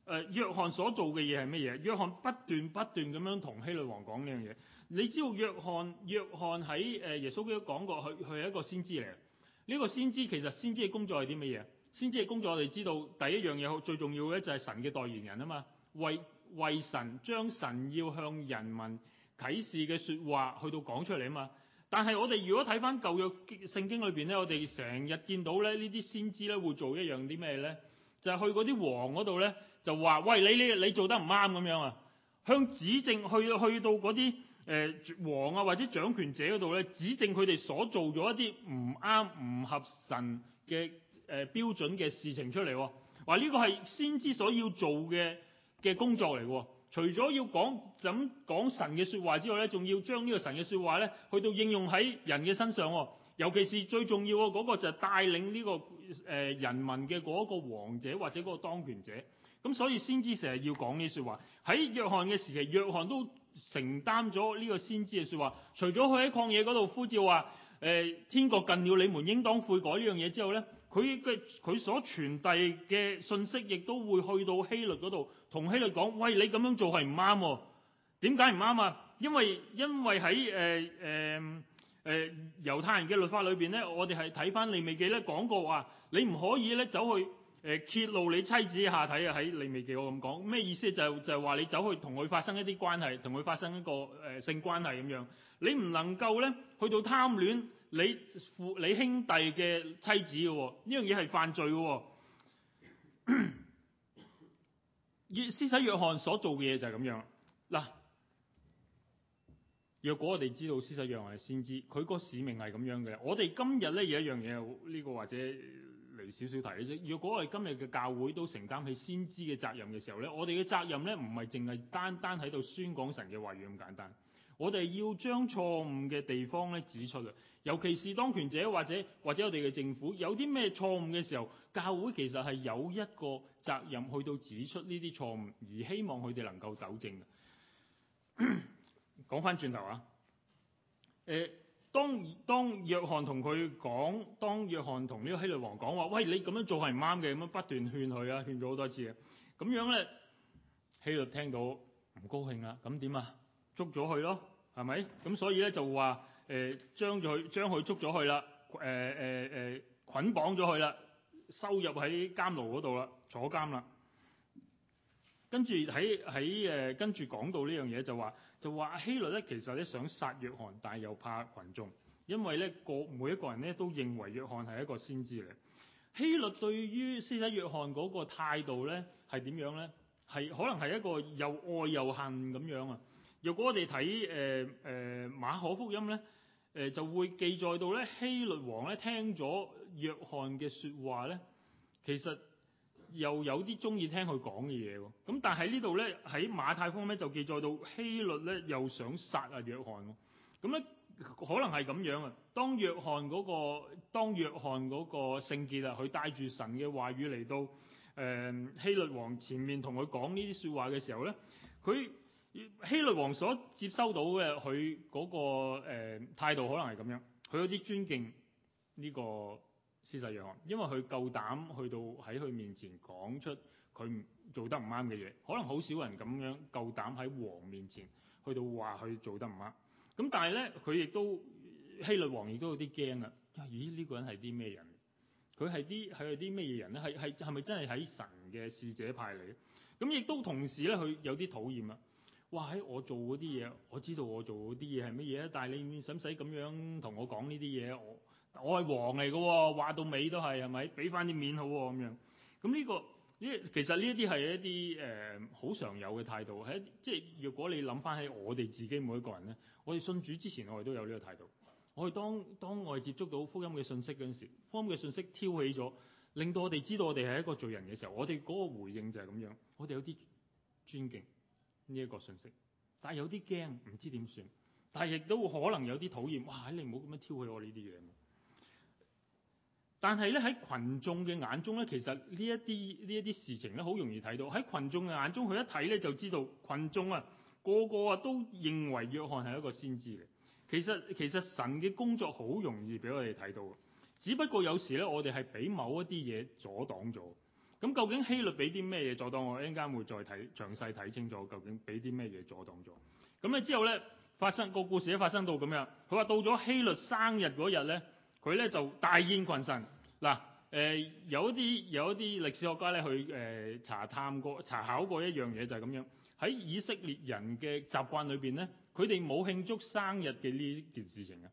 [SPEAKER 1] 呃，約翰所做嘅嘢係乜嘢？約翰不斷不斷咁樣同希律王講呢樣嘢。你知道約翰約翰喺誒耶穌基督講過，佢佢係一個先知嚟。呢個先知其實先知嘅工作係啲乜嘢？先知嘅工作我哋知道第一樣嘢，最重要嘅就係神嘅代言人啊嘛，為為神將神要向人民啟示嘅説話去到講出嚟啊嘛。但係我哋如果睇翻舊約聖經裏邊咧，我哋成日見到咧呢啲先知咧會做一樣啲咩咧？就係、係、去嗰啲王嗰度咧，就話：喂，你你你做得唔啱咁樣啊！向指正去去到嗰啲誒王啊或者掌權者嗰度咧，指正佢哋所做咗一啲唔啱唔合神嘅誒、呃、標準嘅事情出嚟、啊，話呢個係先知所要做嘅嘅工作嚟㗎、啊。除咗要講怎講神嘅說話之外咧，仲要將呢個神嘅說話咧，去到應用喺人嘅身上、哦。尤其是最重要嘅嗰個就係帶領呢、這個誒、呃、人民嘅嗰個王者或者嗰個當權者。咁所以先知成日要講呢啲說話。喺約翰嘅時期，約翰都承擔咗呢個先知嘅說話。除咗佢喺曠野嗰度呼召話誒、呃、天國近了，你們應當悔改呢樣嘢之後咧，佢嘅佢所傳遞嘅信息亦都會去到希律嗰度。同希律講：喂，你咁樣做係唔啱。點解唔啱啊？因為因為喺誒誒誒猶太人嘅律法裏邊咧，我哋係睇翻利未記咧講過話，你唔可以咧走去誒、呃、揭露你妻子下體啊！喺利未記我咁講咩意思，就是，就就係話你走去同佢發生一啲關係，同佢發生一個誒、呃、性關係咁樣，你唔能夠咧去到貪戀你父你兄弟嘅妻子嘅喎、哦，呢樣嘢係犯罪嘅喎、哦。 施洗約翰所做嘅嘢就係咁樣。嗱，若果我哋知道施洗約翰係先知，佢個使命係咁樣嘅。我哋今日咧有一樣嘢，呢個或者嚟少少提嘅啫。若果我哋今日嘅教會都承擔起先知嘅責任嘅時候咧，我哋嘅責任咧唔係淨係單單喺度宣講神嘅話語咁簡單，我哋要將錯誤嘅地方咧指出啊！尤其是當權者，或者或者我哋嘅政府有啲咩錯誤嘅時候，教會其實係有一個責任去到指出呢啲錯誤，而希望佢哋能夠糾正嘅。講返轉頭啊，誒、 欸，當當約翰同佢講，當約翰同呢個希律王講話，喂，你咁樣做係唔啱嘅，咁樣不斷勸佢啊，勸咗好多次啊，咁樣咧，希律聽到唔高興啦、啊，咁點啊？捉咗佢咯，係咪？咁所以咧就話。誒、呃、將佢將佢捉咗去啦，誒誒誒捆綁咗佢啦，收入喺監牢嗰度啦，坐監啦。跟住喺喺誒，跟住講到呢樣嘢就話，就話希律咧其實咧想殺約翰，但係又怕群眾，因為咧個每一個人咧都認為約翰係一個先知嚟。希律對於施洗約翰嗰個態度咧係點樣咧？係可能係一個又愛又恨咁樣啊！如果我哋睇誒誒馬可福音咧，誒、呃、就會記載到咧，希律王咧聽咗約翰嘅説話咧，其實又有啲中意聽佢講嘅嘢喎。咁但係呢度咧，喺馬太福音咧就記載到希律咧又想殺啊約翰呢。咁咧可能係咁樣啊。當約翰嗰個當約翰嗰個聖潔啊，佢帶住神嘅話語嚟到誒、呃、希律王前面同佢講呢啲説話嘅時候咧，佢。希律王所接收到嘅、那個，佢嗰個誒態度可能係咁樣，佢有啲尊敬呢個施洗約翰，因為佢夠膽去到喺佢面前講出佢唔做得唔啱嘅嘢，可能好少人咁樣夠膽喺王面前去到話佢做得唔啱。咁但係咧，佢亦都希律王亦都有啲驚啊！咦？呢、這個人係啲咩人？佢係啲係有啲咩嘢人咧？係係係咪真係喺神嘅使者派嚟？咁亦都同時咧，佢有啲討厭啊！哇！喺我做嗰啲嘢，我知道我做嗰啲嘢係乜嘢，但係你使唔使咁樣同我講呢啲嘢？我我係王嚟嘅喎，話到尾都係係咪？俾翻啲面好喎。咁樣。咁呢個、呢個呢？其實呢一啲係一啲誒好常有嘅態度，係一即係如果你諗翻喺我哋自己每一個人呢，我哋信主之前，我哋都有呢個態度。我哋當當我哋接觸到福音嘅信息嗰陣時，福音嘅信息挑起咗，令到我哋知道我哋係一個罪人嘅時候，我哋嗰個回應就係咁樣，我哋有啲尊敬。呢一個信息，但係有啲驚，唔知點算，但係亦都可能有啲討厭。哇！你唔好咁樣挑起我呢啲嘢。但係咧喺群眾嘅眼中咧，其實呢一啲呢一啲事情咧，好容易睇到。喺群眾嘅眼中，佢一睇咧就知道群眾啊，個個啊都認為約翰係一個先知嚟。其實其實神嘅工作好容易俾我哋睇到，只不過有時咧，我哋係俾某一啲嘢阻擋咗。咁究竟希律俾啲咩嘢阻擋我？一陣間會再睇詳細睇清楚，究竟俾啲咩嘢阻擋咗？咁啊之後咧發生個故事咧發生到咁樣，佢話到咗希律生日嗰日咧，佢咧就大宴群臣。嗱誒、呃，有一啲有一啲歷史學家咧去誒、呃、查探過查考過一樣嘢就係、是、咁樣，喺以色列人嘅習慣裏邊咧，佢哋冇慶祝生日嘅呢件事情嘅。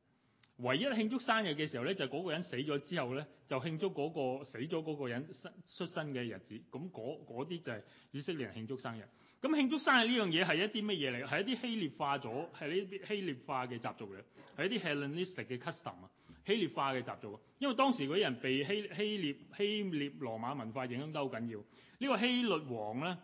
[SPEAKER 1] 唯一慶祝生日嘅時候咧，就係、是、嗰個人死咗之後咧，就慶祝嗰、那個死咗嗰個人出出生嘅日子。咁嗰啲就係以色列人慶祝生日。咁慶祝生日呢樣嘢係一啲乜嘢嚟？係一啲希裂化咗，係呢啲希臘化嘅習俗嚟。係一啲 Hellenistic 嘅 custom 啊，希臘化嘅習俗。因為當時嗰啲人被希希臘希臘羅馬文化影響得好緊要。呢、這個希律王咧，誒、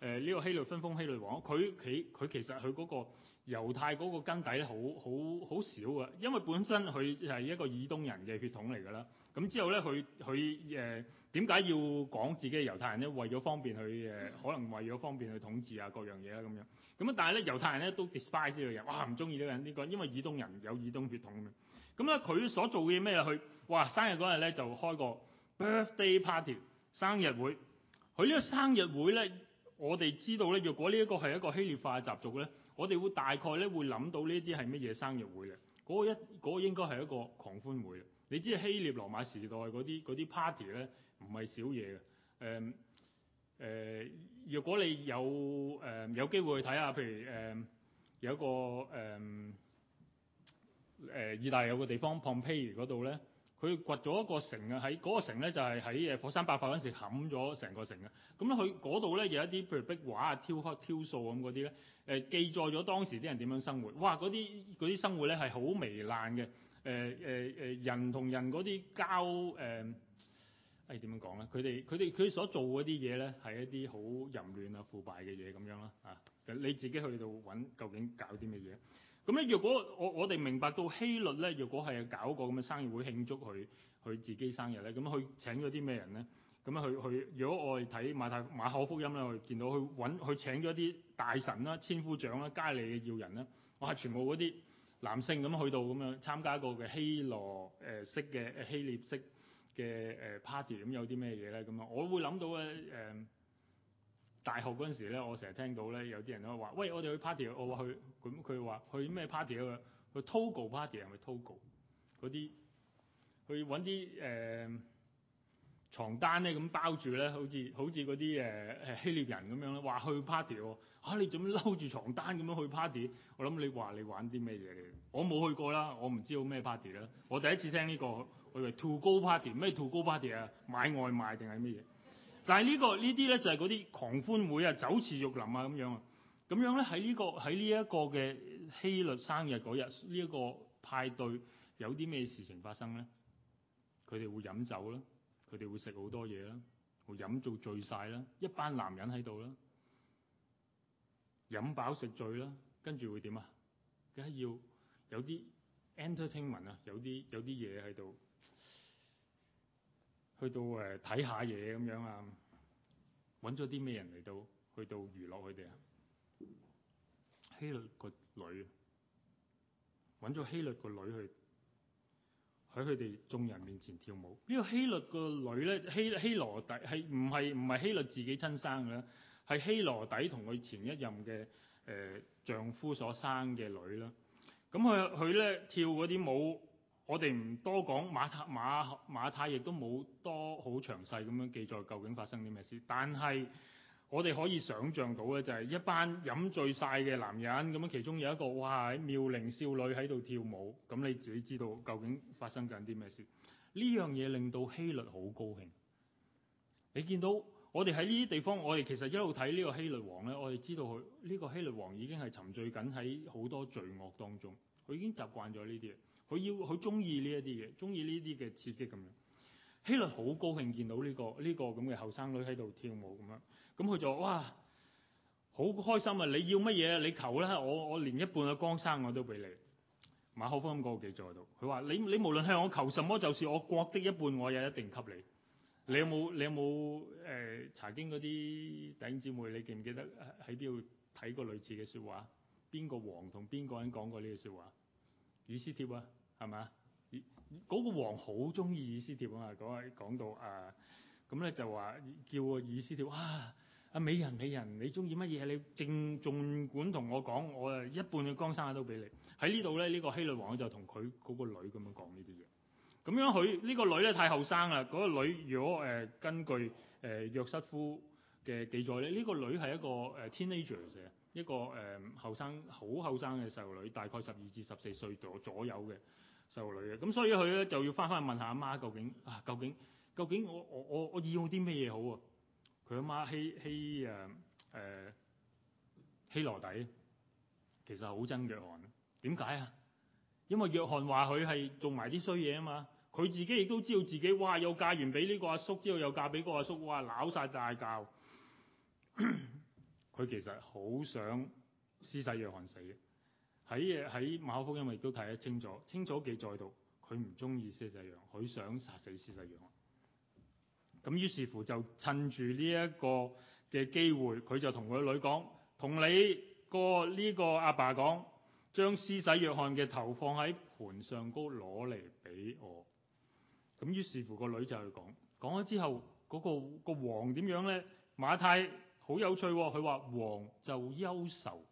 [SPEAKER 1] 呃、呢、這個希律分封希律王，佢佢佢其實佢嗰、那個。猶太嗰個根底咧，好好好少啊！因為本身佢係一個以東人嘅血統嚟㗎啦。咁之後咧，佢佢誒點解要講自己嘅猶太人咧？為咗方便佢誒，可能為咗方便去統治啊，各樣嘢啦咁樣。咁啊，但係咧，猶太人咧都 despise 呢個人，哇唔中意呢個人呢個，因為以東人有以東血統嘅。咁咧，佢所做嘅咩咧？佢哇生日嗰日咧就開個 birthday party 生日會。佢呢個生日會咧，我哋知道咧，若果呢一個係一個希臘化嘅習俗咧。我哋會大概，咧會諗到呢啲係乜嘢生日會咧？嗰一嗰，應該係一個狂歡會啦。你知道希臘羅馬時代嗰啲啲 party 咧，唔係少嘢嘅。誒、嗯、誒，若果你有誒、呃、有機會去睇下，譬如誒、呃、有一個誒誒、呃、意大利有個地方 Pompeii 嗰度咧。佢掘咗一個城啊，喺嗰、嗰個城咧就係喺誒火山爆發嗰陣時冚咗成個城啊。咁咧佢嗰度咧有一啲譬如壁畫啊、挑刻、挑數咁嗰啲咧，誒記載咗當時啲人點樣生活。哇！嗰啲啲生活咧係好糜爛嘅。誒誒誒，人同人嗰啲交誒，誒、呃、點、哎、樣講咧？佢哋佢哋佢所做嗰啲嘢咧係一啲好淫亂啊、腐敗嘅嘢咁樣啦。啊，你自己去到揾究竟搞啲咩嘢？咁咧，若果我我哋明白到希律咧，若果係搞個咁嘅生日會慶祝佢佢自己生日咧，咁佢請咗啲咩人咧？咁樣去去，如果我哋睇馬太馬可福音咧，我哋見到佢揾佢請咗啲大臣啦、啊、千夫長啦、啊、加利嘅要人啦、啊，哇！全部嗰啲男性咁去到咁樣參加一個嘅希羅誒式嘅希臘式嘅誒 party，咁有啲咩嘢咧？咁啊，我會諗到咧誒。呃大學嗰陣時咧，我成日聽到咧有啲人都話：喂，我哋去 party，我話去，咁佢話去咩 party 啊？去 Togo party 係咪 Togo？嗰啲去揾啲誒床單咧，咁包住咧，好似好似嗰啲誒誒希臘人咁樣咯。話去 party 喎，啊，你做乜嬲住床單咁樣去 party？我諗你話你玩啲咩嘢嚟？我冇去過啦，我唔知道咩 party 啦。我第一次聽呢個，我以為 Togo party 咩 Togo party 啊？買外賣定係咩嘢？但係、這、呢個呢啲咧就係嗰啲狂歡會啊、酒池肉林啊咁樣啊，咁樣咧喺呢、這個喺呢一個嘅希律生日嗰日呢一個派對有啲咩事情發生咧？佢哋會飲酒啦，佢哋會食好多嘢啦，會飲到醉晒啦，一班男人喺度啦，飲飽食醉啦，跟住會點啊？梗係要有啲 entertainment 啊，有啲有啲嘢喺度。去到誒睇下嘢咁樣啊，揾咗啲咩人嚟到去到娛樂佢哋啊？希律個女揾咗希律個女去喺佢哋眾人面前跳舞。呢、這個希律個女咧，希希羅底係唔係唔係希律自己親生嘅咧？係希羅底同佢前一任嘅誒、呃、丈夫所生嘅女啦。咁佢佢咧跳嗰啲舞。我哋唔多講馬，馬，馬太，馬馬太亦都冇多好詳細咁樣記載究竟發生啲咩事。但係我哋可以想像到咧，就係一班飲醉晒嘅男人咁樣，其中有一個哇喺妙齡少女喺度跳舞。咁你自己知道究竟發生緊啲咩事？呢樣嘢令到希律好高興。你見到我哋喺呢啲地方，我哋其實一路睇呢個希律王咧，我哋知道佢呢個希律王已經係沉醉緊喺好多罪惡當中，佢已經習慣咗呢啲。佢要，佢中意呢一啲嘢，中意呢啲嘅刺激咁樣。希律好高興見到呢個呢個咁嘅後生女喺度跳舞咁樣，咁佢就話：哇，好開心啊！你要乜嘢？你求啦，我我連一半嘅江山我都俾你。馬可福音嗰個記載度，佢話：你你無論向我求什麼、就是，就算我國的一半，我也一定給你。你有冇你有冇誒、呃查經嗰啲弟兄姊妹？你記唔記得喺邊度睇過類似嘅説話？邊個王同邊個人講過呢句説話？以斯帖啊。係、那個，嘛？嗰個王好中意以斯帖啊嘛，講講到啊，咁咧就話叫個以斯帖，哇、啊！啊美人，美人，你中意乜嘢？你正，儘管同我講，我誒一半嘅江山都俾你。喺呢度咧、這個這個那個呃呃，呢個希律王就同佢嗰個女咁樣講呢啲嘢。咁樣佢呢個女咧太後生啦。嗰個女如果誒根據誒約瑟夫嘅記載咧，呢個女係一個誒 teenager 嘅，呃、teen agers，一個誒後生，好後生嘅細路女，大概十二至十四歲左左右嘅。細女嘅，咁所以佢咧就要翻翻去問下阿媽究竟啊，究竟究竟我我我我要啲咩嘢好啊？佢阿媽希希誒誒希羅底其實好憎約翰，點解啊？因為約翰話佢係做埋啲衰嘢啊嘛，佢自己亦都知道自己哇，又嫁完俾呢個阿叔之後又嫁俾個阿叔哇，鬧晒大交，佢其實好想施洗約翰死。喺喺馬可福音，我亦都睇得清楚，清楚記載到佢唔中意施洗約翰，佢想殺死施洗約翰。咁於是乎就趁住呢一個嘅機會，佢就同佢女講，同你個呢個阿爸講，將施洗約翰嘅頭放喺盤上高攞嚟俾我。咁於是乎個女就去講，講咗之後，嗰、個、個王點樣咧？馬太好有趣、哦，佢話王就憂愁。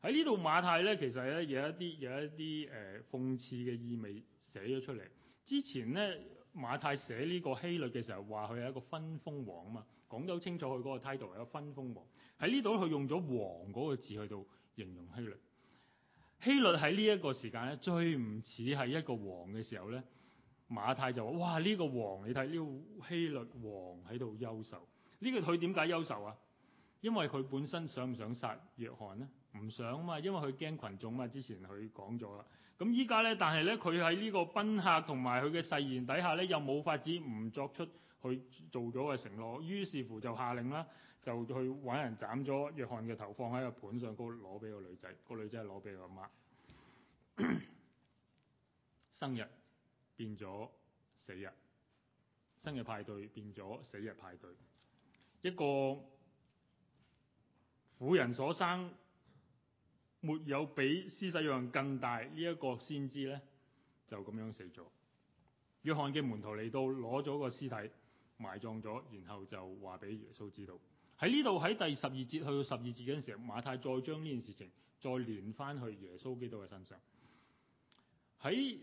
[SPEAKER 1] 喺呢度馬太咧，其實咧有一啲有一啲誒、呃、諷刺嘅意味寫咗出嚟。之前咧馬太寫呢個希律嘅時候，話佢係一個分封王啊嘛，講得好清楚，佢嗰個態度係個分封王。喺呢度佢用咗王嗰個字去到形容希律。希律喺呢一個時間咧，最唔似係一個王嘅時候咧，馬太就話：哇！呢個王，你睇呢個希律王喺度優秀。呢個佢點解優秀啊？因為佢本身想唔想殺約翰咧？唔想啊嘛，因為佢驚群眾嘛，之前佢講咗啦。咁依家咧，但係咧，佢喺呢個賓客同埋佢嘅誓言底下咧，又冇法子唔作出去做咗嘅承諾。於是乎就下令啦，就去揾人斬咗約翰嘅頭，放喺個盤上高攞俾個女仔。個女仔係攞俾佢阿媽，生日變咗死日，生日派對變咗死日派對。一個婦人所生。沒有比施洗約翰更大呢一、這個先知咧，就咁樣死咗。約翰嘅門徒嚟到攞咗個屍體埋葬咗，然後就話俾耶穌知道。喺呢度，喺第十二節去到十二節嘅時候，馬太再將呢件事情再連返去耶穌基督嘅身上。喺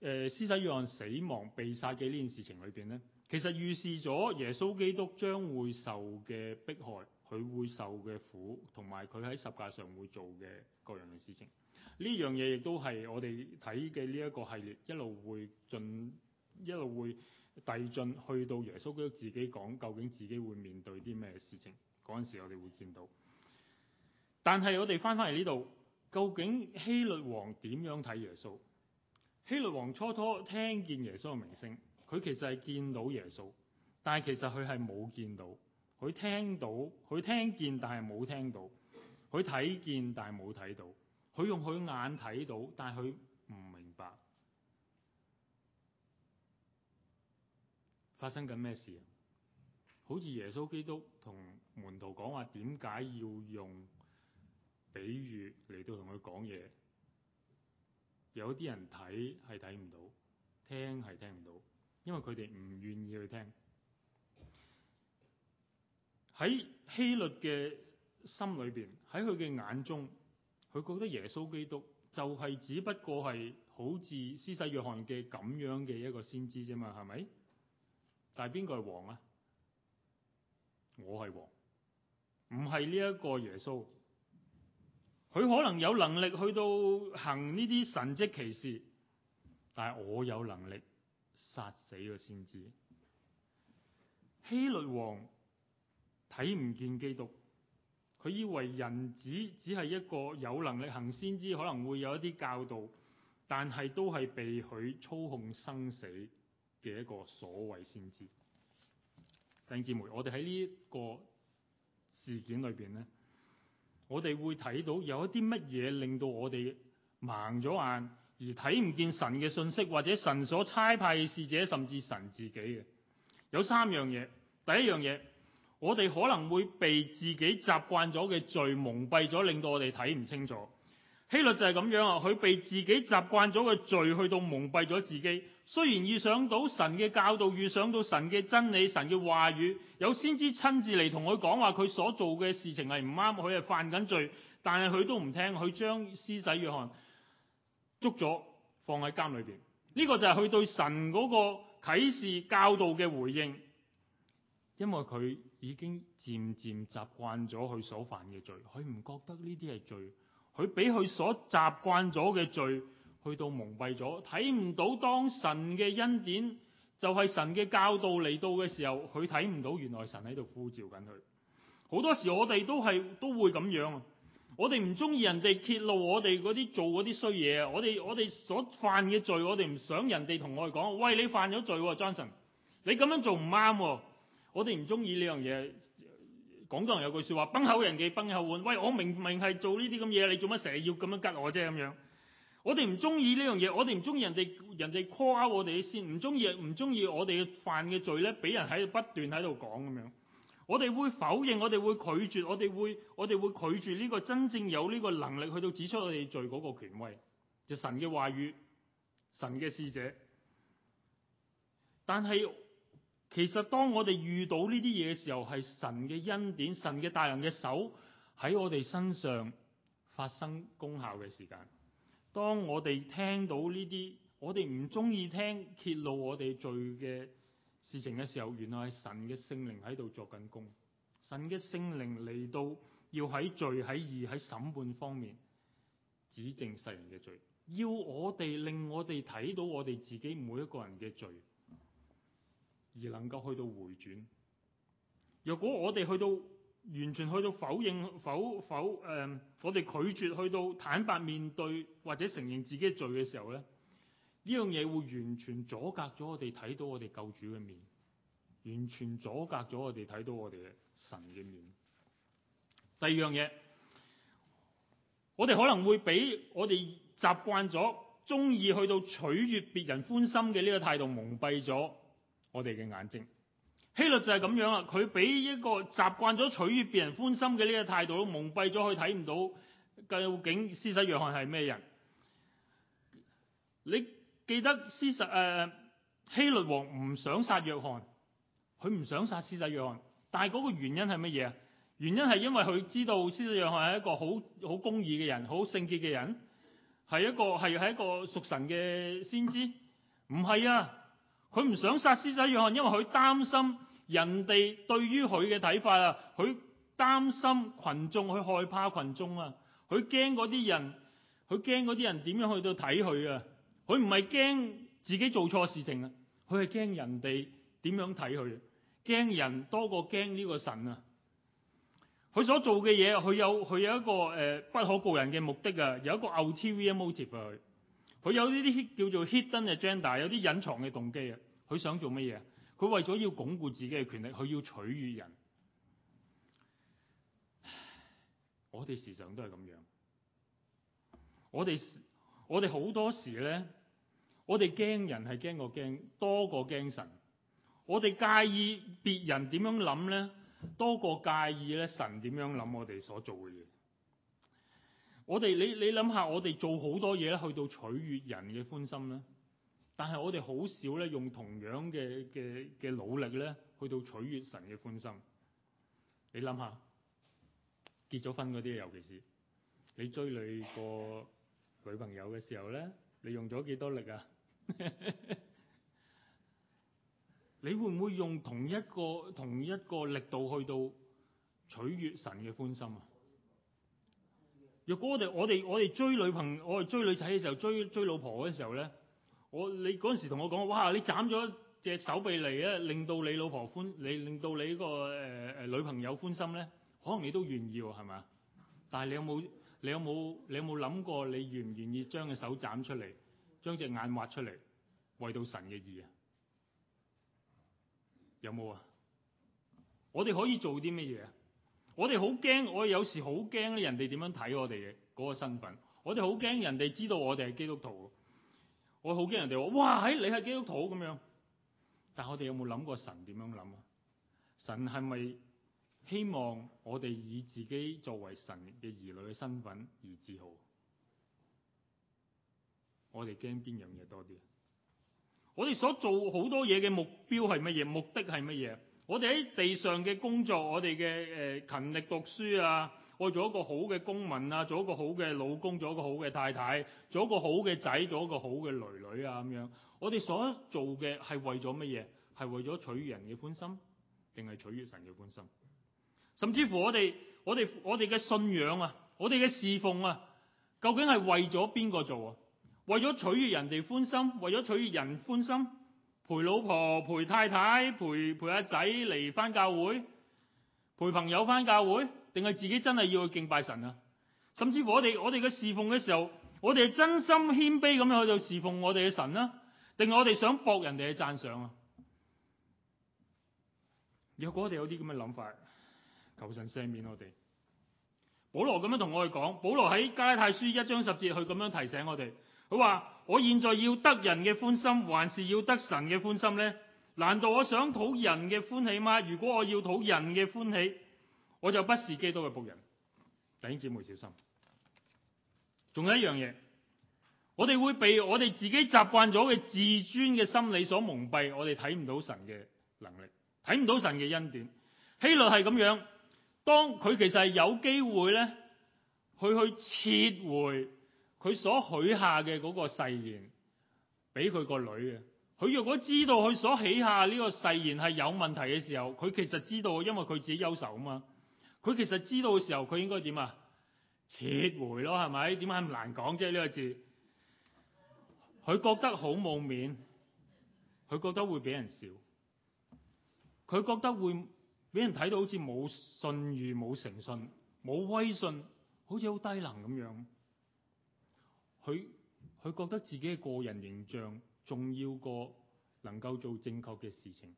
[SPEAKER 1] 誒施洗約翰死亡，死亡被殺嘅呢件事情裏邊咧，其實預示咗耶穌基督將會受嘅迫害。佢會受嘅苦，同埋佢喺十架上會做嘅各樣嘅事情，呢樣嘢亦都係我哋睇嘅呢一個系列，一路會進，一路會遞進，去到耶穌佢自己講究竟自己會面對啲咩事情嗰陣時，我哋會見到。但係我哋翻返嚟呢度，究竟希律王點樣睇耶穌？希律王初初聽見耶穌嘅名聲，佢其實係見到耶穌，但係其實佢係冇見到。佢聽到，佢聽見，但係冇聽到；佢睇見，但係冇睇到；佢用佢眼睇到，但係佢唔明白發生緊咩事。好似耶穌基督同門徒講話，點解要用比喻嚟到同佢講嘢？有啲人睇係睇唔到，聽係聽唔到，因為佢哋唔願意去聽。喺希律嘅心裏邊，喺佢嘅眼中，佢覺得耶穌基督就係只不過係好似施洗約翰嘅咁樣嘅一個先知啫嘛，係咪？但係邊個係王啊？我係王，唔係呢一個耶穌。佢可能有能力去到行呢啲神蹟奇事，但係我有能力殺死個先知。希律王。睇唔見基督，佢以為人子只係一個有能力行先知，可能會有一啲教導，但係都係被佢操控生死嘅一個所謂先知。弟兄姊妹，我哋喺呢一個事件裏邊呢，我哋會睇到有一啲乜嘢令到我哋盲咗眼，而睇唔見神嘅信息，或者神所差派嘅使者，甚至神自己嘅。有三樣嘢，第一樣嘢。我哋可能會被自己習慣咗嘅罪蒙蔽咗，令到我哋睇唔清楚。希律就係咁樣啊，佢被自己習慣咗嘅罪去到蒙蔽咗自己。雖然預想到神嘅教導，預想到神嘅真理、神嘅話語，有先知親自嚟同佢講話，佢所做嘅事情係唔啱，佢係犯緊罪，但係佢都唔聽，佢將施洗約翰捉咗放喺監裏邊。呢個就係佢對神嗰個啟示教導嘅回應，因為佢，已經漸漸習慣咗佢所犯嘅罪，佢唔覺得呢啲係罪，佢俾佢所習慣咗嘅罪去到蒙蔽咗，睇唔到當神嘅恩典就係、是、神嘅教導嚟到嘅時候，佢睇唔到原來神喺度呼召緊佢。好多時我哋都係都會咁樣啊，我哋唔中意人哋揭露我哋嗰啲做嗰啲衰嘢，我哋我哋所犯嘅罪，我哋唔想人哋同我哋講，喂，你犯咗罪，啊，Johnson，你咁樣做唔啱，啊。 我哋唔中意呢樣嘢。廣東人有句説話：崩口人嘅崩口碗。喂，我明明係做呢啲咁嘢，你做乜成日要咁樣吉我啫？咁樣，我哋唔中意呢樣嘢。我哋唔中意人哋人哋誇我哋先，唔中意唔中意我哋犯嘅罪咧，俾人喺度不斷喺度講咁樣。我哋會否認？我哋會拒絕？我哋會我哋會拒絕呢個真正有呢個能力去到指出我哋罪嗰個權威，就神嘅話語、神嘅使者。但係。其實當我哋遇到呢啲嘢嘅時候，係神嘅恩典、神嘅大能嘅手喺我哋身上發生功效嘅時間。當我哋聽到呢啲，我哋唔中意聽揭露我哋罪嘅事情嘅時候，原來係神嘅聖靈喺度作緊工。神嘅聖靈嚟到要喺罪、喺義、喺審判方面指證世人嘅罪，要我哋令我哋睇到我哋自己每一個人嘅罪。而能夠去到回轉。如果我哋去到完全去到否認、否否誒、呃，我哋拒絕去到坦白面對或者承認自己嘅罪嘅時候咧，呢樣嘢會完全阻隔咗我哋睇到我哋救主嘅面，完全阻隔咗我哋睇到我哋嘅神嘅面。第二樣嘢，我哋可能會俾我哋習慣咗中意去到取悅別人歡心嘅呢個態度蒙蔽咗我哋嘅眼睛，希律就係咁樣啦。佢俾一個習慣咗取悅別人歡心嘅呢個態度，蒙蔽咗佢睇唔到究竟施洗約翰係咩人。你記得施洗誒、希律王唔想殺約翰，佢唔想殺施洗約翰，但係嗰個原因係乜嘢啊？原因係因為佢知道施洗約翰係一個好好公義嘅人，好聖潔嘅人，係一個、係、係一個屬神嘅先知。唔係啊？佢唔想殺施洗約翰，因為佢擔心人哋對於佢嘅睇法啊，佢擔心群眾，佢害怕群眾啊，佢驚嗰啲人，佢驚嗰啲人點樣去到睇佢啊，佢唔係驚自己做錯事情啊，佢係驚人哋點樣睇佢，驚人多過驚呢個神啊，佢所做嘅嘢，佢有佢有一個誒、呃、不可告人嘅目的啊，有一個 out v e motive 佢。佢有呢啲叫做 hidden agenda 有啲隱藏嘅動機啊！佢想做乜嘢？佢為咗要鞏固自己嘅權力，佢要取悦人。我哋時常都係咁樣，我哋我哋好多時咧，我哋驚人係驚過驚，多過驚神。我哋介意別人點樣諗咧，多過介意咧神點樣諗我哋所做嘅嘢。我哋你你諗下，我哋做好多嘢咧，去到取悦人嘅歡心咧，但係我哋好少咧用同樣嘅嘅嘅努力咧，去到取悦神嘅歡心。你諗下，結咗婚嗰啲，尤其是你追你個女朋友嘅時候咧，你用咗幾多力啊？ 你會唔會用同一個同一個力度去到取悦神嘅歡心啊？如果我哋我哋我哋追女朋友我哋追女仔嘅時候追追老婆嘅時候咧，我你嗰陣時同我講哇，你斬咗隻手臂嚟咧，令到你老婆歡你令到你呢個誒誒、呃、女朋友歡心咧，可能你都願意係、哦、咪？但係你有冇你有冇你有冇諗過你願唔願意將隻手斬出嚟，將隻眼挖出嚟，為到神嘅意啊？有冇啊？我哋可以做啲乜嘢啊？我哋好驚，我哋有時好驚咧，人哋點樣睇我哋嘅嗰個身份？我哋好驚人哋知道我哋係基督徒，我好驚人哋話：哇，哎，你係基督徒咁樣。但係我哋有冇諗過神點樣諗啊？神係咪希望我哋以自己作為神嘅兒女嘅身份而自豪？我哋驚邊樣嘢多啲？我哋所做好多嘢嘅目標係乜嘢？目的係乜嘢？我哋喺地上嘅工作，我哋嘅誒勤力讀書啊，我做一個好嘅公民啊，做一個好嘅老公，做一個好嘅太太，做一個好嘅仔，做一個好嘅囡囡啊咁樣。我哋所做嘅係為咗乜嘢？係為咗取悅人嘅歡心，定係取悅神嘅歡心？甚至乎我哋我哋我哋嘅信仰啊，我哋嘅侍奉啊，究竟係為咗邊個做啊？為咗取悅人哋歡心，為咗取悅人歡心？陪老婆、陪太太、陪陪阿仔嚟翻教會，陪朋友翻教會，定係自己真係要去敬拜神啊？甚至乎我哋我哋嘅侍奉嘅時候，我哋係真心謙卑咁樣去到侍奉我哋嘅神啦，定係我哋想博人哋嘅讚賞啊？如果我哋有啲咁嘅諗法，求神赦免我哋。保羅咁樣同我哋講，保羅喺加拉太書一章十節去咁樣提醒我哋，佢話。我現在要得人嘅歡心，還是要得神嘅歡心呢？難道我想討人嘅歡喜嗎？如果我要討人嘅歡喜，我就不是基督嘅僕人。弟兄姊妹小心。仲有一樣嘢，我哋會被我哋自己習慣咗嘅自尊嘅心理所蒙蔽，我哋睇唔到神嘅能力，睇唔到神嘅恩典。希律係咁樣，當佢其實係有機會咧，佢去撤回。佢所許下嘅嗰個誓言，俾佢個女嘅。佢若果知道佢所起下呢個誓言係有問題嘅時候，佢其實知道，因為佢自己憂愁啊嘛。佢其實知道嘅時候，佢應該點啊？撤回咯，係咪？點解咁難講啫？呢個字，佢覺得好冇面，佢覺得會俾人笑，佢覺得會俾人睇到好似冇信譽、冇誠信、冇威信，好似好低能咁樣。佢佢覺得自己嘅個人形象重要過能夠做正確嘅事情。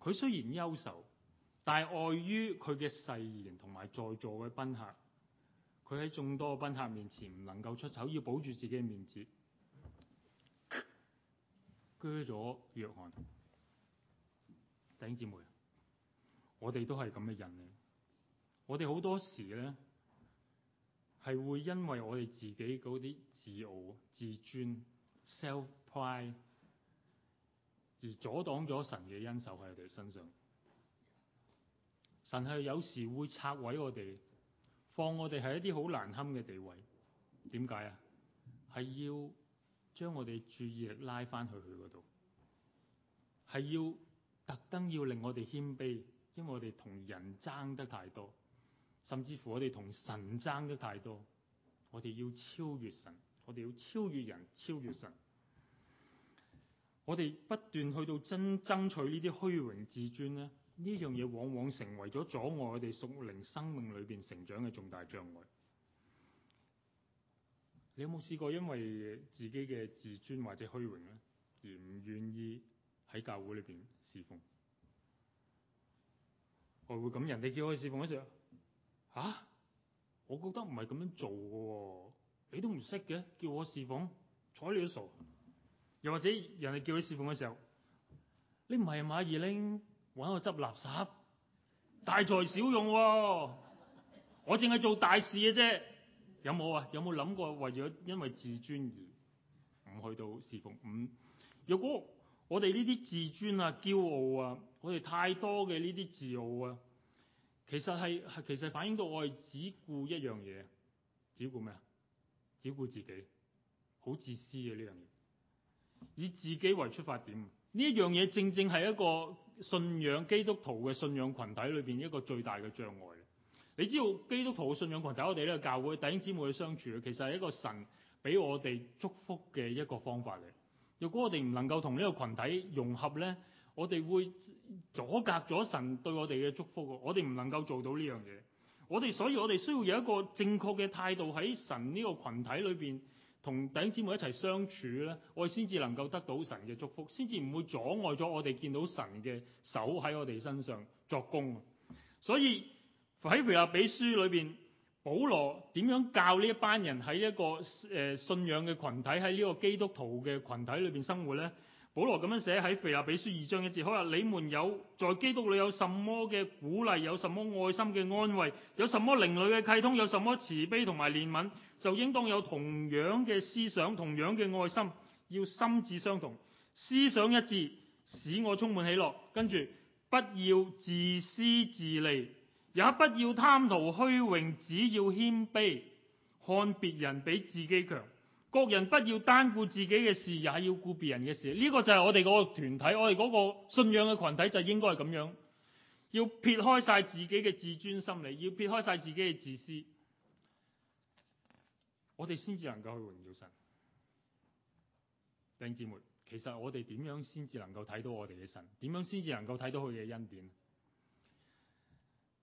[SPEAKER 1] 佢雖然憂愁，但係礙於佢嘅誓言同埋在座嘅賓客，佢喺眾多賓客面前唔能夠出醜，要保住自己嘅面子，鋸咗約翰。弟兄姊妹，我哋都係咁嘅人啊！我哋好多時咧。係會因為我哋自己嗰啲自傲、自尊 （self pride） 而阻擋咗神嘅恩受喺我哋身上。神係有時會拆毀我哋，放我哋係一啲好難堪嘅地位。點解啊？係要將我哋注意力拉返去佢嗰度，係要特登要令我哋謙卑，因為我哋同人爭得太多。甚至乎我哋同神爭得太多，我哋要超越神，我哋要超越人，超越神。我哋不斷去到爭，爭取呢啲虛榮自尊咧，呢樣嘢往往成為咗阻礙我哋屬靈生命裏邊成長嘅重大障礙。你有冇試過因為自己嘅自尊或者虛榮咧，而唔願意喺教會裏邊侍奉？我會咁？人哋叫我去侍奉嘅時候？啊！我覺得唔係咁樣做嘅喎、哦，你都唔識嘅，叫我侍奉，睬你都傻。又或者人哋叫你侍奉嘅時候，你唔係馬二鈴，搵我執垃圾，大材小用喎、哦。我淨係做大事嘅啫，有冇啊？有冇諗過為咗因為自尊而唔去到侍奉？唔、嗯，若果我哋呢啲自尊啊、驕傲啊，我哋太多嘅呢啲自傲啊。其實係係，其實反映到我係只顧一樣嘢，只顧咩啊？只顧自己，好自私嘅呢樣嘢，以自己為出發點。呢一樣嘢正正係一個信仰基督徒嘅信仰群體裏邊一個最大嘅障礙。你知道基督徒嘅信仰群體，我哋呢個教會弟兄姊妹去相處，其實係一個神俾我哋祝福嘅一個方法嚟。如果我哋唔能夠同呢個群體融合呢？我哋會阻隔咗神對我哋嘅祝福。我哋唔能夠做到呢樣嘢。我哋所以，我哋需要有一個正確嘅態度喺神呢個群體裏邊，同弟兄姊妹一齊相處咧，我哋先至能夠得到神嘅祝福，先至唔會阻礙咗我哋見到神嘅手喺我哋身上作工。所以喺《腓立比書裏邊，保羅點樣教呢一班人喺一個誒、呃、信仰嘅群體，喺呢個基督徒嘅群體裏邊生活咧？保羅咁樣寫喺腓立比書二章嘅字，佢話：你們有在基督裏有什麽嘅鼓勵，有什麽愛心嘅安慰，有什麽靈裏嘅契通，有什麽慈悲同埋憐憫，就應當有同樣嘅思想，同樣嘅愛心，要心智相同，思想一致，使我充滿喜樂。跟住，不要自私自利，也不要貪圖虛榮，只要謙卑，看別人比自己強。各人不要單顧自己嘅事，又也要顧別人嘅事。呢、這個就係我哋嗰個團體，我哋嗰個信仰嘅群體就應該係咁樣，要撇開晒自己嘅自尊心理，要撇開晒自己嘅自私，我哋先至能夠去榮耀神。弟兄姊妹，其實我哋點樣先至能夠睇到我哋嘅神？點樣先至能夠睇到佢嘅恩典？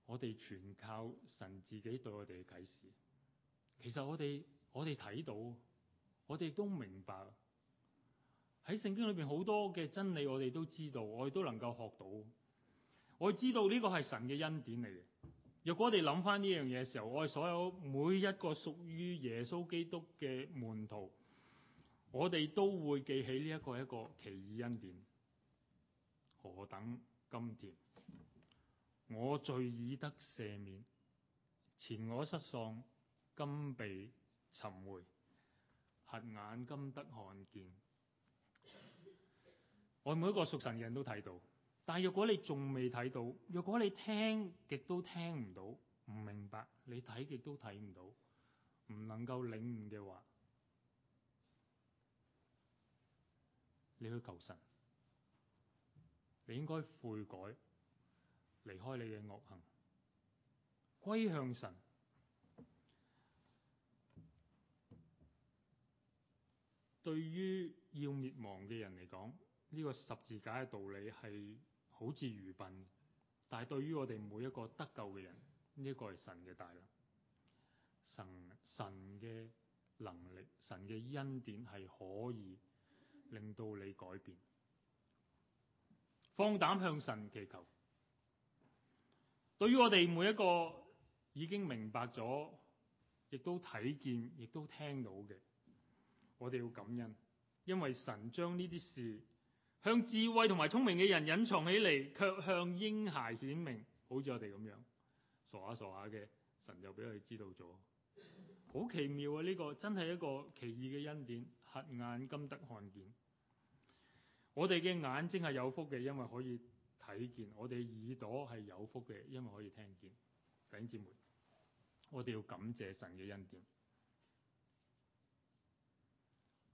[SPEAKER 1] 我哋全靠神自己對我哋嘅啟示。其實我哋我哋睇到。我哋都明白喺聖經裏邊好多嘅真理，我哋都知道，我哋都能夠學到。我知道呢個係神嘅恩典嚟嘅。若果我哋諗翻呢樣嘢嘅時候，我哋所有每一個屬於耶穌基督嘅門徒，我哋都會記起呢一個一個奇異恩典，何等甘甜！我罪已得赦免，前我失喪，今被尋回。合眼今得看見，我每一個屬神嘅人都睇到。但係若果你仲未睇到，若果你聽極都聽唔到，唔明白，你睇極都睇唔到，唔能夠領悟嘅話，你去求神，你應該悔改，離開你嘅惡行，歸向神。對於要滅亡嘅人嚟講，呢個十字架嘅道理係好似愚笨，但係對於我哋每一個得救嘅人，呢個係神嘅大能，神神嘅能力，神嘅恩典係可以令到你改變。放膽向神祈求。對於我哋每一個已經明白咗，亦都睇見，亦都聽到嘅。我哋要感恩，因為神將呢啲事向智慧同埋聰明嘅人隱藏起嚟，卻向嬰孩顯明，好似我哋咁樣傻下傻下嘅，神就俾佢知道咗，好奇妙啊！呢、這個真係一個奇異嘅恩典，黑眼金得看見。我哋嘅眼睛係有福嘅，因為可以睇見；我哋耳朵係有福嘅，因為可以聽見。弟兄姊妹，我哋要感謝神嘅恩典。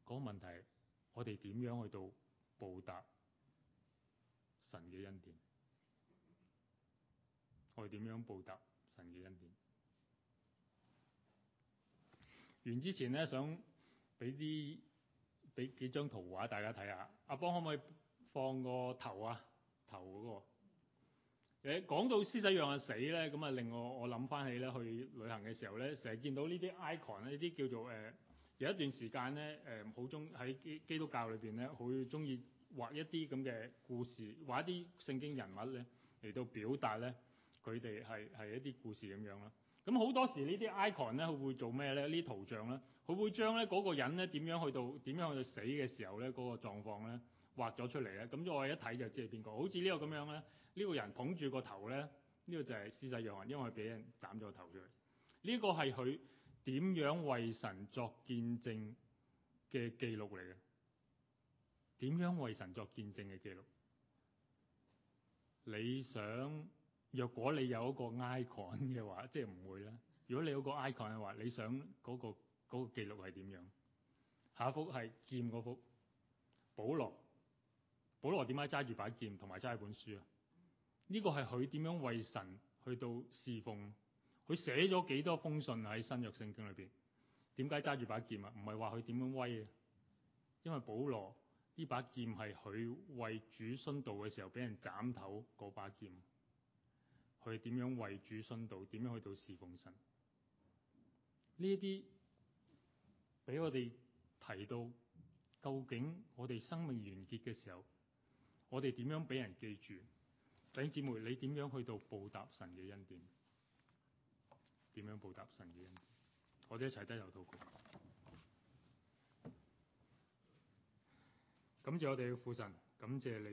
[SPEAKER 1] 嗰個問題，我哋點樣去到報答神嘅恩典？我哋點樣報答神嘅恩典？完之前咧，想俾啲俾幾張圖畫大家睇下。阿邦可唔可以放個頭啊？頭嗰，那個誒講到施洗約翰死咧，咁啊令我我諗翻起咧，去旅行嘅時候咧，成日見到呢啲 icon 咧，呢啲叫做誒。呃有一段時間咧，誒好中喺基基督教裏邊咧，好中意畫一啲咁嘅故事，畫一啲聖經人物咧嚟到表達咧，佢哋係係一啲故事咁樣啦。咁好多時呢啲 icon 咧，佢會做咩咧？呢啲圖像咧，佢會將咧嗰個人咧點樣去到點樣去到死嘅時候咧，嗰個狀況咧畫咗出嚟咧。咁我一睇就知係邊個。好似呢個咁樣咧，呢個人捧住個頭咧，呢個就係施洗約翰，因為俾人斬咗個頭出嚟。呢個係佢。點樣為神作見證嘅記錄嚟嘅？點樣為神作見證嘅記錄？你想，若果你有一個 icon 嘅話，即係唔會啦。如果你有個 icon 嘅話，你想嗰個嗰個記錄係點樣？下一幅係劍嗰幅，保羅，保羅點解揸住把劍同埋揸住本書啊？呢個係佢點樣為神去到侍奉？佢寫咗幾多封信喺新約聖經裏邊？點解揸住把劍啊？唔係話佢點樣威啊？因為保羅呢把劍係佢為主殉道嘅時候俾人斬頭嗰把劍。佢點樣為主殉道？點樣去到侍奉神？呢一啲俾我哋提到，究竟我哋生命完結嘅時候，我哋點樣俾人記住？弟兄姊妹，你點樣去到報答神嘅恩典？點樣報答神嘅恩？我哋一齊低頭禱告。感謝我哋嘅父神，感謝你。